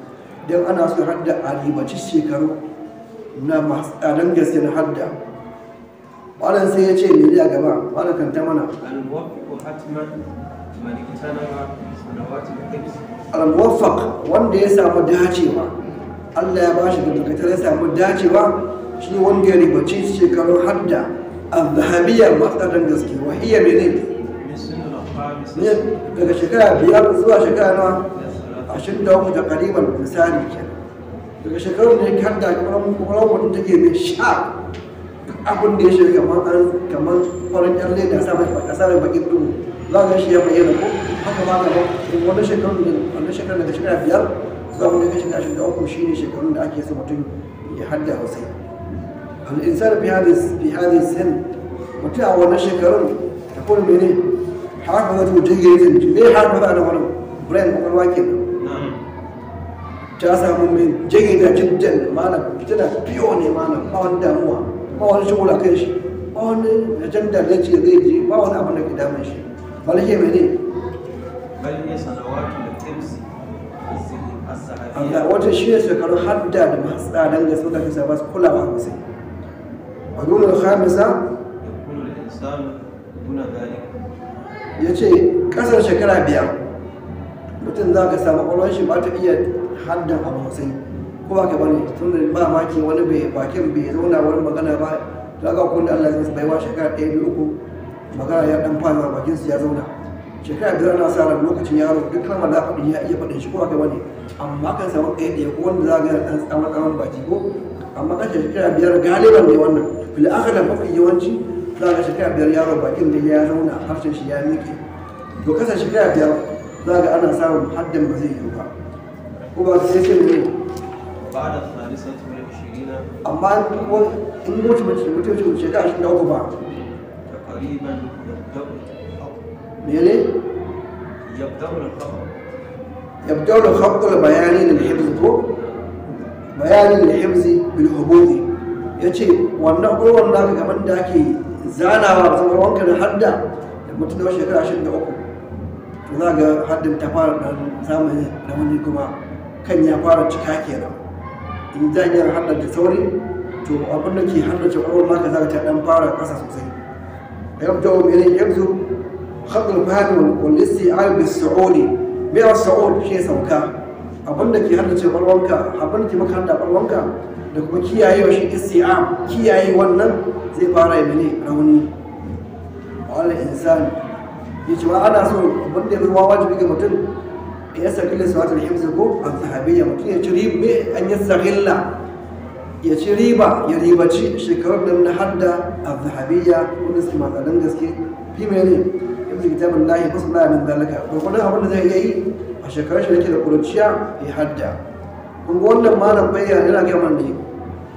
dan ana so hadda alibaci shekaru na masu tsadan gaske na hadda malam sai ya ce me ne a gaba malam kanta mana al hatman al-muwaffaq wanda ya samu dacewa Allah ya bashi dangantakar ya samu dacewa shi wanda ya ribaci shekarun hadda al-zahabiyya matsalar gaske wa menene ne daga shekara biyar zuwa shekara na ashirin da uku da misali misali daga shekarun da ya hadda kwakwalwar ta take mai sha abin da ya shirya kamar kwarin yan leda sa mai bakin dubu za ga shi ya bayyana ko haka ma gaba wannan shekarun da wannan shekarun daga shekara biyar zuwa wani daga shekara shekara uku shine shekarun da ake so mutum ya hadda wasai al'insar fi hadis fi hadis sin mutum a wannan shekarun da kuma ni, haka za ta mutum ya yi zanci me har ba a da wani brain kwakwalwa ke ta samu mana fita da fiyo ne mana ba wani damuwa ba wani shigula kan shi ba wani ajandar da ce zai je ba wani abin da ke damun shi bal hiya mene bal hiya sanawatu al-timsi Allah wata shi ne shekaru hadda da masu tsadan da suka kasa ba su kulawa ba sai. Wadulul khamisa ya ce kasar shekara biyar mutum za ka samu ƙwallon shi ba ta iya haddan abu sosai ko ba ka bane tun da ba maki wani bai bakin bai zauna wani magana ba za ka kun da Allah zai baiwa shekara ɗaya biyu uku magana ya dan fara bakin su ya zauna shekara biyar na sa ran lokacin yaro duk kalmar da faɗi ya iya faɗin shi ko aka bane amma kan samu ɗaya da ko wanda za ga ɗan tsama tsawon baki ko amma kan shekara biyar galiban ne wannan fil akhira mafi yawanci za ga shekara biyar yaro bakin da ya zauna harshen shi ya miƙe to kasa shekara biyar za ga ana samun haddin ba zai yi ba ko ba sai sai ne ba da amma in mutum mutum shekara uku ba طبيبا يبدأ مين يبدأ الخط يبدأ الخط البياني للحفظ فوق bayanin ya ce wannan gurwan da aka gaban da ake zanawa a tsarar wanka da hadda da mutum ashirin da uku sauri to abin da ke haddace ƙwarwar maka za ta dan fara ƙasa sosai يرجع إليه يبدو خط الفهم والاستيعاب بالسعودي من الصعود شيء سوكا abin da ke haddace balwanka abin da ke maka hada balwanka da kuma kiyayewa shi isti'am kiyaye wannan zai fara yi mene rauni wa ala insani ya ce ma ana so abin da ya zama wajibi ga mutum ya sa kila su wata da himsa ko an sahabiyya mutum ya ci ribe an yi sarilla ya ci riba ya ribaci shekarar da na hadda a zahabiyya wanda suke matsalin gaske fi mai ne yanzu kitabin lahi kusa na min ko kuma abin da zai yi a shekarar shi da ke da kuruciya ya hadda kun ga wannan malam bayyana yana gaya gama ne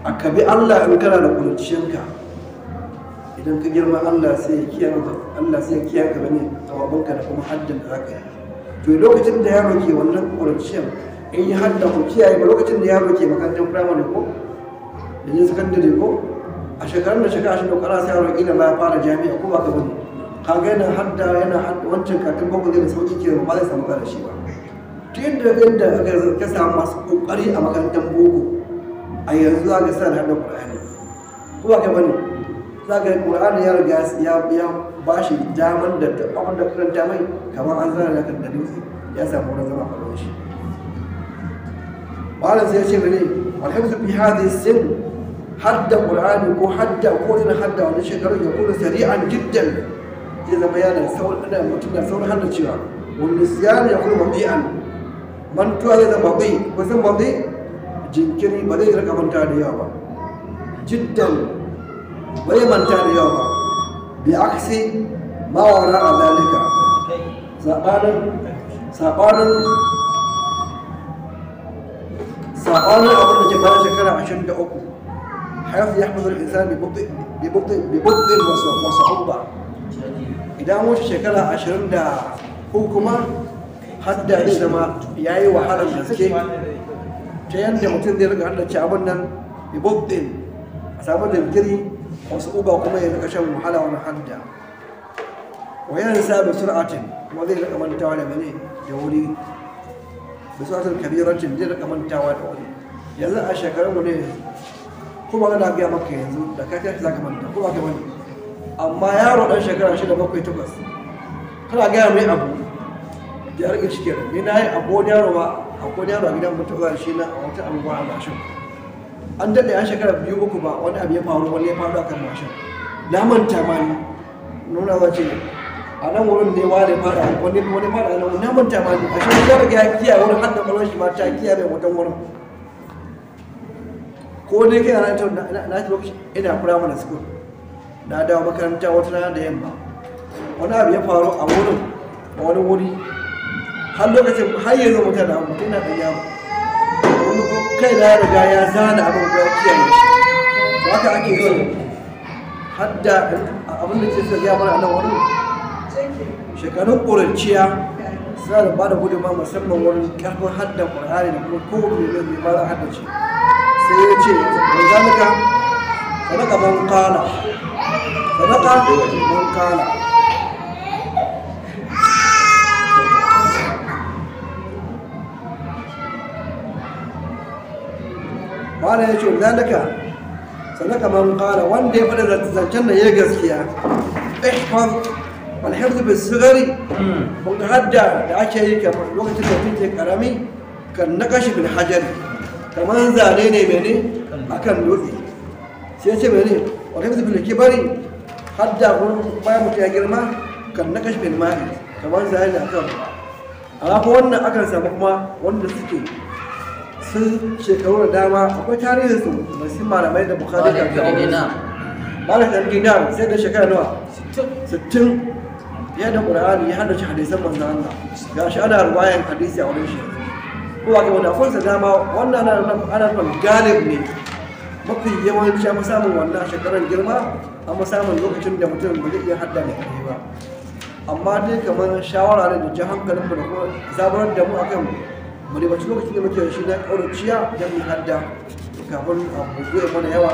a kabi allah in kana da kuruciyanka idan ka girma allah sai ya kiyaye allah sai ya kiyaye ka bane da kuma haddin da zaka yi to lokacin da yaro ke wannan kuruciyan in yi hadda ku kiyaye ba lokacin da yaro ke makarantar firamare ko yanzu yin sakandare ko a shekarun da shekara shi dokara sai aure kila ma ya fara jami'a ko ba ka bane kaga yana hadda yana hadda wancan katin boko zai da sauki ke ba zai samu shi ba ta yadda yadda aka ka samu masu kokari a makarantar boko a yanzu za ka sa da hadda qur'ani ko ba ka bane za ka qur'ani ya riga ya ya ba shi damar da ta abin da karanta mai kamar an zana lakar da dutse ya samu wani zama a shi malam sai ya ce mene alhamdu bi hadis sin hadda qur'ani ko hadda ko irin hadda wani shekarun ya kuna sari'an jiddan ya zama yana saurin ana mutum na saurin hada cewa wani siyana ya kuna mabi'an mantuwa zai zama mabi wasan mabi jinkiri ba zai rika manta da yawa ba jiddan ba zai manta da yawa ba bi aksi ma wara a zalika saɓanin abin da ke bayan shekara ashirin da uku حيث يحمل الإنسان ببطء ببطء ببطء وصعوبة إذا مش شكلها عشرين دا حكومة hadda ne zama ya yi wahalar gaske ta yadda mutum zai rika haddace abin nan ibobdin a samu jinkiri wasu uba kuma ya rika shan wahala wani hadda wa yana sa da sur'atin kuma zai rika mantawa da mene da wuri da sur'atin kabiratin zai rika mantawa da yanzu a shekarun mu kuma ba na gaya maka yanzu da ka tashi za ka manta ko ba ka manta amma yaro ɗan shekara shida bakwai takwas kana gaya mai abu ya rike shi kenan ni na yi abu wani yaro ba a wani yaro a gidan mutum za shi na a wata abubuwa a mashin an daɗe a shekara biyu uku ba wani abu ya faru wani ya faru a kan mashin na manta ma ni nuna zace ce a nan wurin ne wa ne fara wani fara a nan na manta ma ni a shi ya kiyaye wani hadda malon shi ma ta kiyaye mai wutan wurin ko dai kai ranar ta na ta lokaci ina primary school na dawo makaranta wata rana da yamma wani abu ya faru a wurin a wani wuri har lokacin har yanzu mutum da mutum ina da yaro wani kai na ya riga ya zana abin da kiyaye shi haka ake so hadda abin da ke so ya mana nan wani shekarun ƙuruciya suna da ba da gudunmawa musamman wurin ƙarfin haddan ƙwararri da kuma kowane mai ba za a haddace sai ya ce mai sadaka man kala sadaka man kala wala ya ce zalika sadaka kala wanda ya faɗi zancen da ya gaskiya ihfaz alhifz bis sigari hmm. da ake yi kamar lokacin da mutum ke karami kan naqashi bil hajari kamar zane ne mai ne akan dutse sai ce mai ne wata fi ke bari hadda kun bayan mutu ya girma kan na kashe mai kamar zane ne akan amma ko wannan akan samu kuma wanda suke sun shekaru da dama akwai tarihin su masu malamai da bukari da kawo malam ɗan dinar sai da shekara nawa 60 ya da ƙur'ani ya hada shi hadisan manzo Allah gashi ana ruwayan hadisi a wurin shi kowa ga wani afonsa dama wannan ana galib ne mafi yawanci an samun wannan a shekarar girma an samun lokacin da mutum ba zai iya hadda da kare ba amma dai kamar shawara ne da ji hankalin da kuma zaburar da mu akan mu ne lokacin da muke shi na ƙauraciya da mu hadda kafin a bugu mana yawa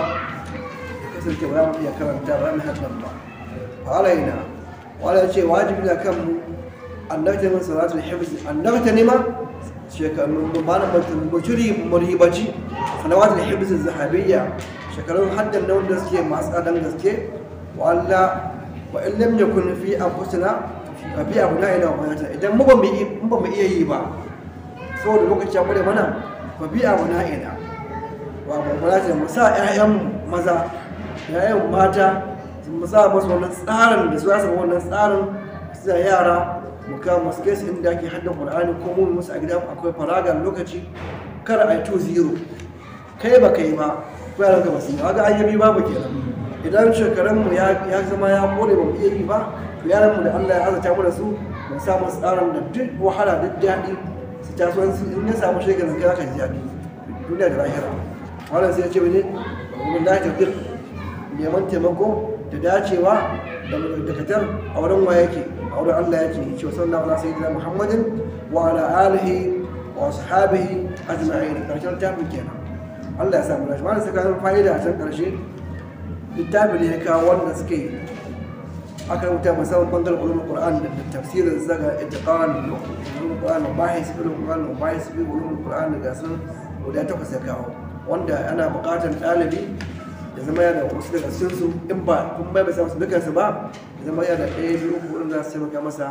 kasance ba za mu iya karanta ba mai hadda ba falaina wala ce wajibi na kan mu annabta min annabta ne ma shekarun bashiri murhibaci da hibs zahabiyya shekarun haddan na wanda suke masu tsadan gaske wa Allah wa in lam yakun fi anfusina fa fi abnaina wa banatina idan mu ba mu mu ba mu iya yi ba saboda lokaci ya kware mana fa fi abnaina wa ba mu sa ƴaƴan maza ƴaƴan mata mu sa masu wannan tsarin da su za su wannan tsarin su yara muka kawo musu inda ake haddan qur'ani ko mu musu a gida akwai faragar lokaci kar a to zero kai ba kai ba ko yaran ka ba ga an yabi babu kenan idan mu ya zama ya more ba yi ba to yaranmu da Allah ya azata mu da su mun samu tsaron da duk wahala duk daɗi su taso in ya samu shekaran ka ka ji daɗi duniya da lahira wannan sai ya ce ne mun da tafir neman taimako da dacewa da dakatar a wurin wa yake a wurin Allah yake yi cewa sallallahu ala sayyidina Muhammadin wa ala alihi wa ashabihi ajma'in karshen littafin kenan Allah ya samu lafiya Wani saka fa'ida a can karshe littafin ne ya kawo wanda suke aka rubuta musamman bangar ulumul qur'an da tafsirin zaga itiqan ulumul qur'an bahis ulumul qur'an bahis ulumul qur'an da sun guda takwas ya kawo wanda ana buƙatar ɗalibi da zama yana da wasu daga cikinsu in ba kuma bai bai samu dukansu ba zama ya da ɗaya biyu uku wurin za su taimaka masa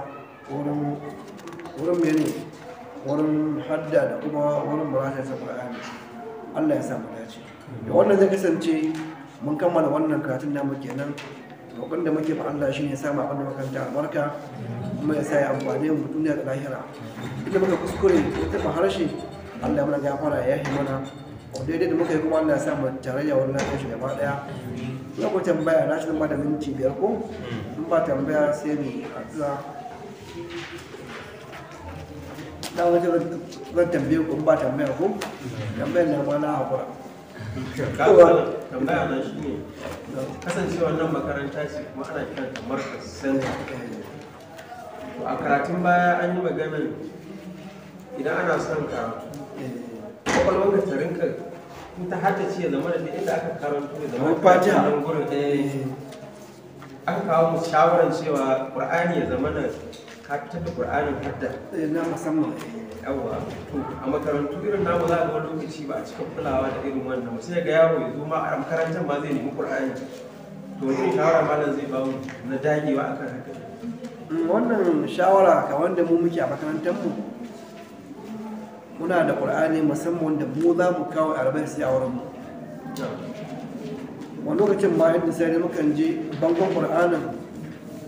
wurin mene wurin hadda da kuma wurin murata ta ƙur'ani Allah ya samu dace da wannan zai kasance mun kammala wannan karatun namu kenan roƙon da muke fa Allah ne ya samu abin da makaranta albarka kuma ya sa ya mu duniya da lahira inda muka kuskure ya taɓa harshe Allah ya mana ya yi mana daidai da muka yi kuma Allah ya sa mu tarayya wannan kashi gaba daya ko tambaya na shi ma da minti biyar ko in ba tambaya sai mu addu'a na wata zan tambaye ko in ba tambaya ko tambayar na ma na hakura tambaya na shi ne kasancewa nan makaranta ce kuma ana kiran ta markas center a karatun baya an yi maganar idan ana son ka kwakwalwar ka ta rinka ta hata ce zama da duk inda aka karanto ya zama fatiha nan gurin eh aka kawo mu shawaran cewa qur'ani ya zama da ka fitar da qur'anin hadda eh, na musamman eh, yawa to a makarantu irin namu za ga wani lokaci ba a cikin kulawa da irin wannan sai ga yaro ya zo ma a makarantar ma zai nemi qur'ani to wani shawara malam zai ba mu na dagewa akan haka mm, wannan shawara ka wanda mu muke a makarantar mu muna da ƙur'ani musamman da mu za mu kawo arabai sai a wurin mu wani lokacin ma inda sai mukan je bangon ƙur'anin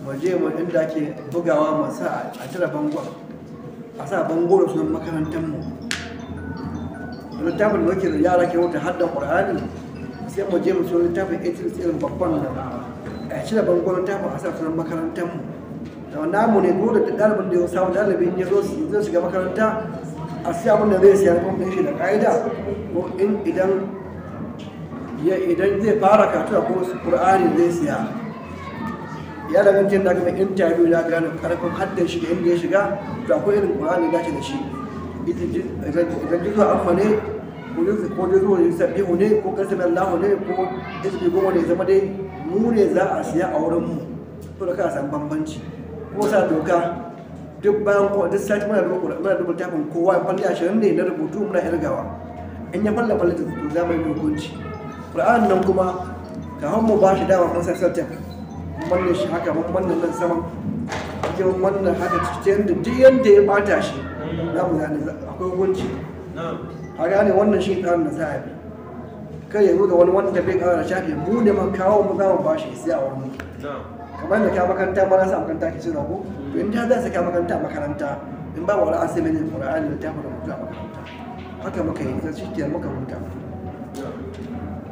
mu je mu inda ake bugawa mu sa a cire bangon a sa bangon da sunan makarantar mu littafin da muke da yara ke wuta haddan ƙur'ani sai mu je mu sunan littafin etin irin babban nan a cire bangon littafin a sa sunan makarantar mu da wani namu ne dole da ɗalibin da ya samu ɗalibin ya zo shiga makaranta a siya abin da zai siyar kuma shi da ƙa'ida ko in idan ya idan zai fara karatu ko qur'ani zai siya ya danganci da kuma interview na gano karfin haddan shi da inda ya shiga to akwai irin qur'ani dace da shi idan jizo amma ne ko jizo ne sabihu ne ko kasan Allah ne ko isbi goma ne zama dai mu ne za a siya a wurin mu to da ka san bambanci ko sa doka duk bayan kowa duk sati muna duba kuɗa muna duba tafin kowa kwalli ashirin ne na rubutu muna irgawa in ya falla falle ta to za mu yi hukunci ƙur'an nan kuma ka mu ba shi dama kan sassautin wannan shi haka mun wannan nan saman mu wannan haka cikin da duk yadda ya bata shi za mu gane akwai hukunci a gane wannan shi tsarin da za a bi kai ya zo da wani wanda bai ƙara da shafi mu da man kawo mu za mu ba shi sai a wani kamar da ka makanta ma sa makanta ke ce na to in dai za saka makaranta makaranta in ba wani asimin yin ƙura'ani da tafi rubutu a makaranta haka muka yi sai shi muka huta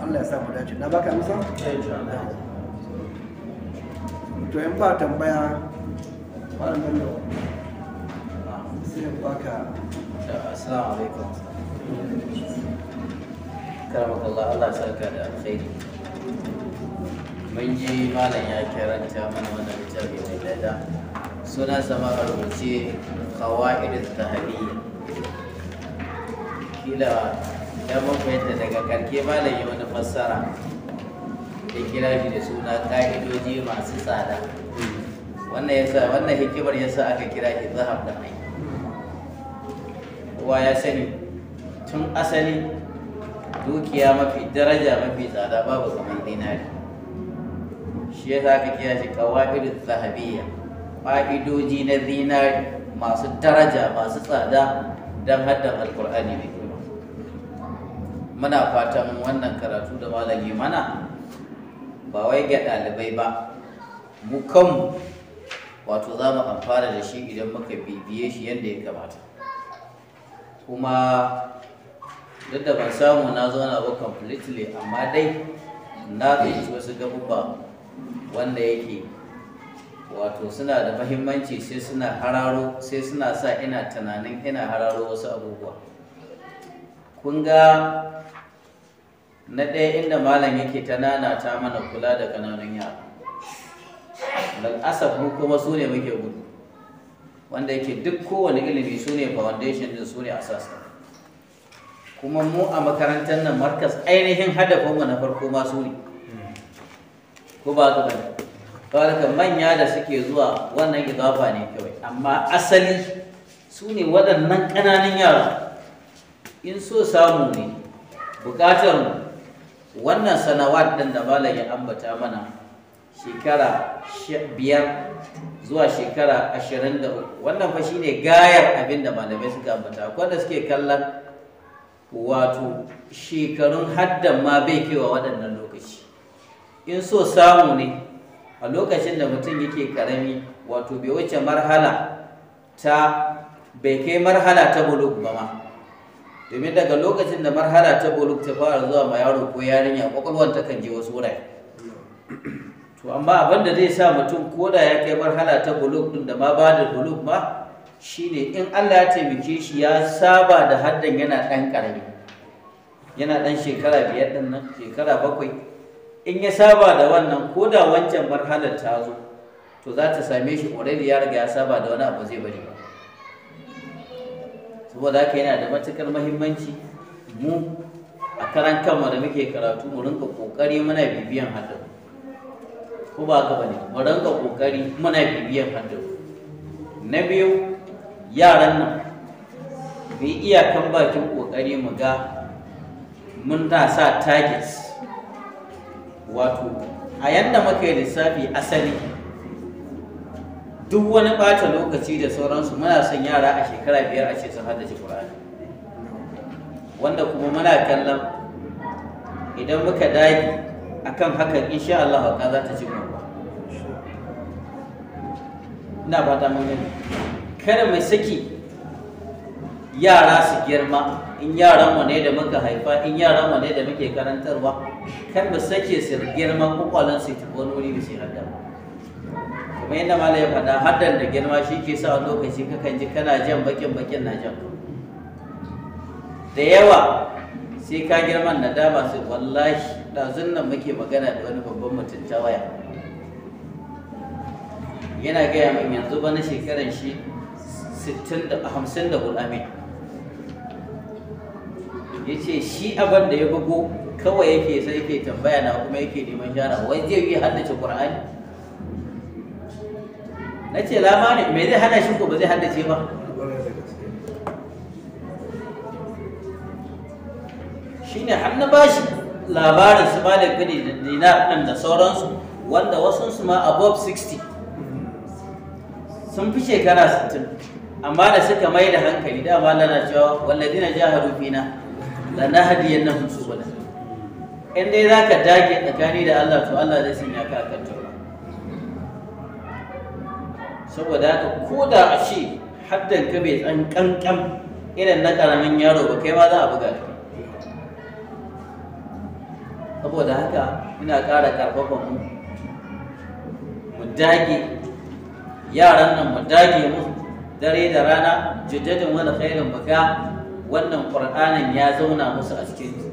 Allah ya sa mu dace na baka amsa eh, to in ba tambaya malamin da sai in baka assalamu alaikum karamaka Allah Allah ya saka da alkhairi mun yi malam ya kiranta mana wannan littafi mai dada suna sama a rubuce kawa'idin zahabi. kila ya mafayanta daga karke malam yi wani fassara da kira shi da suna ka'idoji masu tsada wannan hikimar ya sa aka kira shi zahab da mai kowa ya sani tun asali dukiya mafi daraja mafi tsada babu kamar dinari shi ya aka kira shi kawa'idin zahabiyya fa'idoji na zinari masu daraja masu tsada don haddan alkur'ani mai girma muna fatan wannan karatu da malami mana ba wai ga ɗalibai ba mu kanmu wato za mu amfana da shi idan muka bibiye shi yadda ya kamata kuma duk da ban samu na zauna ba completely amma dai na tsinci wasu gabuba wanda yake wato suna da mahimmanci sai suna hararo sai suna sa ina tunanin ina hararo wasu abubuwa kun ga na ɗaya inda malam yake ta nana ta mana kula da kananun yara asaf mu kuma su ne muke gudu wanda yake duk kowane ilimi su ne foundation din su ne asasa kuma mu a makarantar nan markas ainihin hadafinmu na farko ma su ne ko ba su kawarka manya da suke zuwa wannan idafa ne kawai amma asali su ne waɗannan ƙananan yara in so samu ne buƙatar mu wannan sanawar ɗin da ya ambata mana shekara biyar zuwa shekara ashirin da uku wannan fa shi ne gayar abin da malamai suka ambata wanda suke kallon wato shekarun haddan ma bai kewa waɗannan lokaci in so samu ne a lokacin da mutum yake karami wato bai wuce marhala ta bai kai marhala ta buluk ba ma domin daga lokacin da marhala ta buluk ta fara zuwa ma yaro ko yarinya kwakwalwar ta kan je wasu wurare to amma abin da zai sa mutum ko da ya kai marhala ta buluk din da ma ba da buluk ma shine in Allah ya taimake shi ya saba da haddan yana dan karami yana dan shekara biyar din nan shekara bakwai in ya saba da wannan ko da wancan marhalar ta zo to za ta same shi already ya riga ya saba da wani abu zai bari ba saboda haka yana da matukar mahimmanci mu a karan kanmu da muke karatu mu rinka kokari muna bibiyan haddau ko ba haka bane mu rinka kokari muna bibiyan haddau na biyu yaran nan bai iya iyakan bakin kokari mu ga mun ta sa targets wato a yadda muka yi lissafi asali duk wani ɓata lokaci da sauransu muna son yara a shekara biyar a ce sun haddace ƙur'ani wanda kuma muna kallon idan muka dage akan hakan insha Allah hauka za ta ci gaba ina fata mun gani kada mai saki yara su girma in yaran mu ne da muka haifa in yaran mu ne da muke karantarwa kar ba sake su girman kwakwalen su ta wani wuri da su hadda kuma yadda mala ya faɗa haddan da girma shi ke sa lokaci lokaci kan ji kana jan bakin bakin na jan da yawa sai ka girman na dama su wallahi ɗazun nan muke magana da wani babban mutum ta waya yana gaya min yanzu ba na shekaran shi 54 amin ya ce shi abin da ya bugo kawai yake sai yake tambaya na kuma yake neman shara wai zai yi haddace qur'ani na ce lama ne me zai hana shi ko ba zai haddace ba shine har na bashi labarin su malik da dinar din da sauransu wanda wasu su ma above 60 sun fi shekara 60 amma da suka mai da hankali dama lana cewa walladina jahadu fina lanahdiyanahum subulana in dai za ka dage tsakani da Allah to Allah zai sanya ka akan turba saboda haka ko da a ce haddan ka bai tsan kankan irin na karamin yaro ba kai ma za a buga ka saboda haka ina ƙara karfafa mu mu dage yaran nan mu dage mu dare da rana jiddadin wani khairin buga, wannan ƙur'anin ya zauna musu a cikin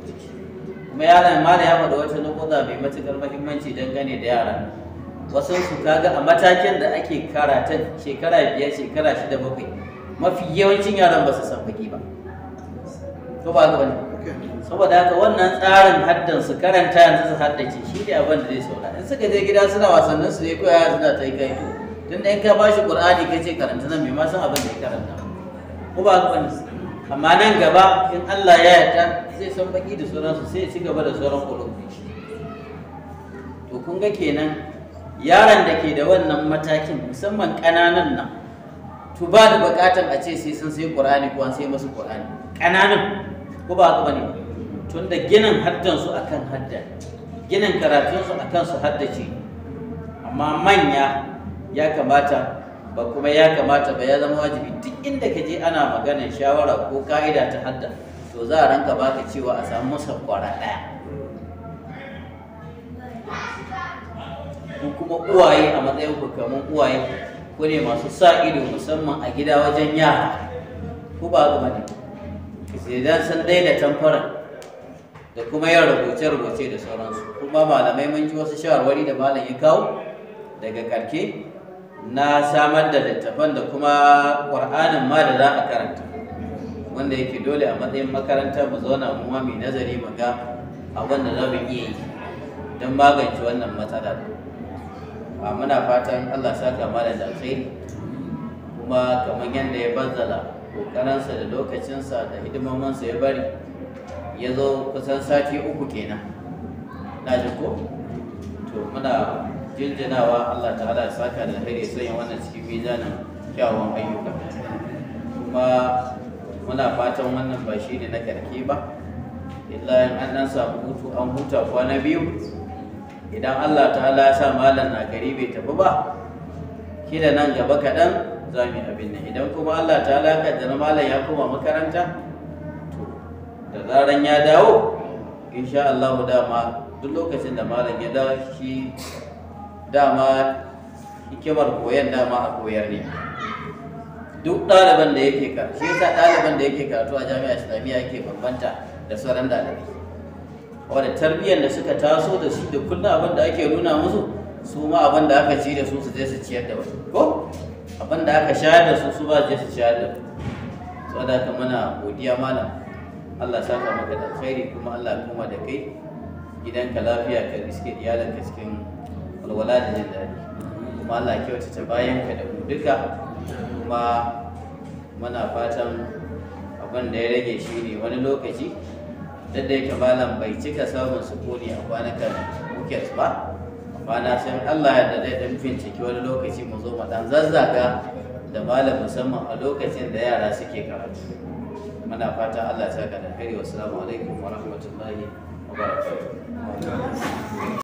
kuma ma da ya da wata nukuda mai matuƙar mahimmanci dangane da yara wasu su kaga a matakin da ake karata shekara biyar shekara shida bakwai mafi yawancin yaran ba su san baki ba to ba ga saboda haka wannan tsarin haddan su karanta yanzu su haddace shi ne abin da zai saura in suka je gida suna wasannin su ne ko yaya suna ta yi kai tun da in ka bashi qur'ani kace karanta nan mai ma san abin da ya karanta ko ba ga wani amma nan gaba in Allah ya yarda zai san baki da sauransu sai ci gaba da sauran kulubi to kun ga kenan yaran da ke da wannan matakin musamman ƙananan nan to ba da buƙatar a ce sai sun sai ƙur'ani ko an sai musu ƙur'ani ƙananan ko ba ka bane tun da ginin su akan hadda ginin karatun su akan su haddace amma manya ya kamata ba kuma ya kamata ba ya zama wajibi duk inda ka je ana magana shawara ko ka'ida ta hadda to za a ranka baka cewa a samu masa kwara ɗaya ku kuma uwaye a matsayin ku kamar uwaye ku ne masu sa ido musamman a gida wajen yara ku ba ga mani idan dai daina tamfara da kuma yin rubuce-rubuce da sauransu kuma malamai mun ji wasu shawarwari da malam ya kawo daga karke na samar da littafan da kuma ƙwar'anin ma da za a karanta wanda yake dole a matsayin makaranta mu zauna mu ma mai nazari mu ga abin da za mu iya yi don magance wannan matsalar a muna fatan allah sa kama da alkhairi kuma kamar yadda ya bazzala kokarinsa da lokacinsa da hidimomansa ya bari ya zo kusan sati uku kenan na ko to muna jinjinawa Allah ta'ala ya saka da alheri sanya wannan cikin mizanin kyawun ayyuka kuma muna fatan wannan ba shi ne na karki ba illa in an nan samu hutu an huta kwana biyu idan Allah ta'ala ya sa malam na gari bai tafi ba kila nan gaba kaɗan za mu yi abin nan idan kuma Allah ta'ala ya kaddara malam ya koma makaranta to da zaran ya dawo insha Allah dama duk lokacin da malam ya dawo shi dama hikimar koyan dama a koyar ne duk ɗaliban da yake karatu shi yasa ɗaliban da yake karatu a jami'a islamiyya yake bambanta da sauran ɗalibai wanda tarbiyyar da suka taso da shi da kullum abin da ake nuna musu su ma abin da aka ci da su su je su ciyar da wani ko abin da aka shayar da su su ba su je su ciyar da wani saboda haka muna godiya malam Allah saka maka da alkhairi kuma Allah kuma da kai gidanka lafiya ka riske iyalanka cikin walwala da jin daɗi kuma Allah ya kyautata bayanka da mu duka kuma muna fatan abin da ya rage shi ne wani lokaci da da yake malam bai cika samun sukuni a kwanakan bukets ba amma na san Allah ya da zai dan binciki wani lokaci mu zo mu dan zazzaga da malam musamman a lokacin da yara suke karatu muna fata Allah ya saka da kare assalamu alaikum wa rahmatullahi wa barakatuh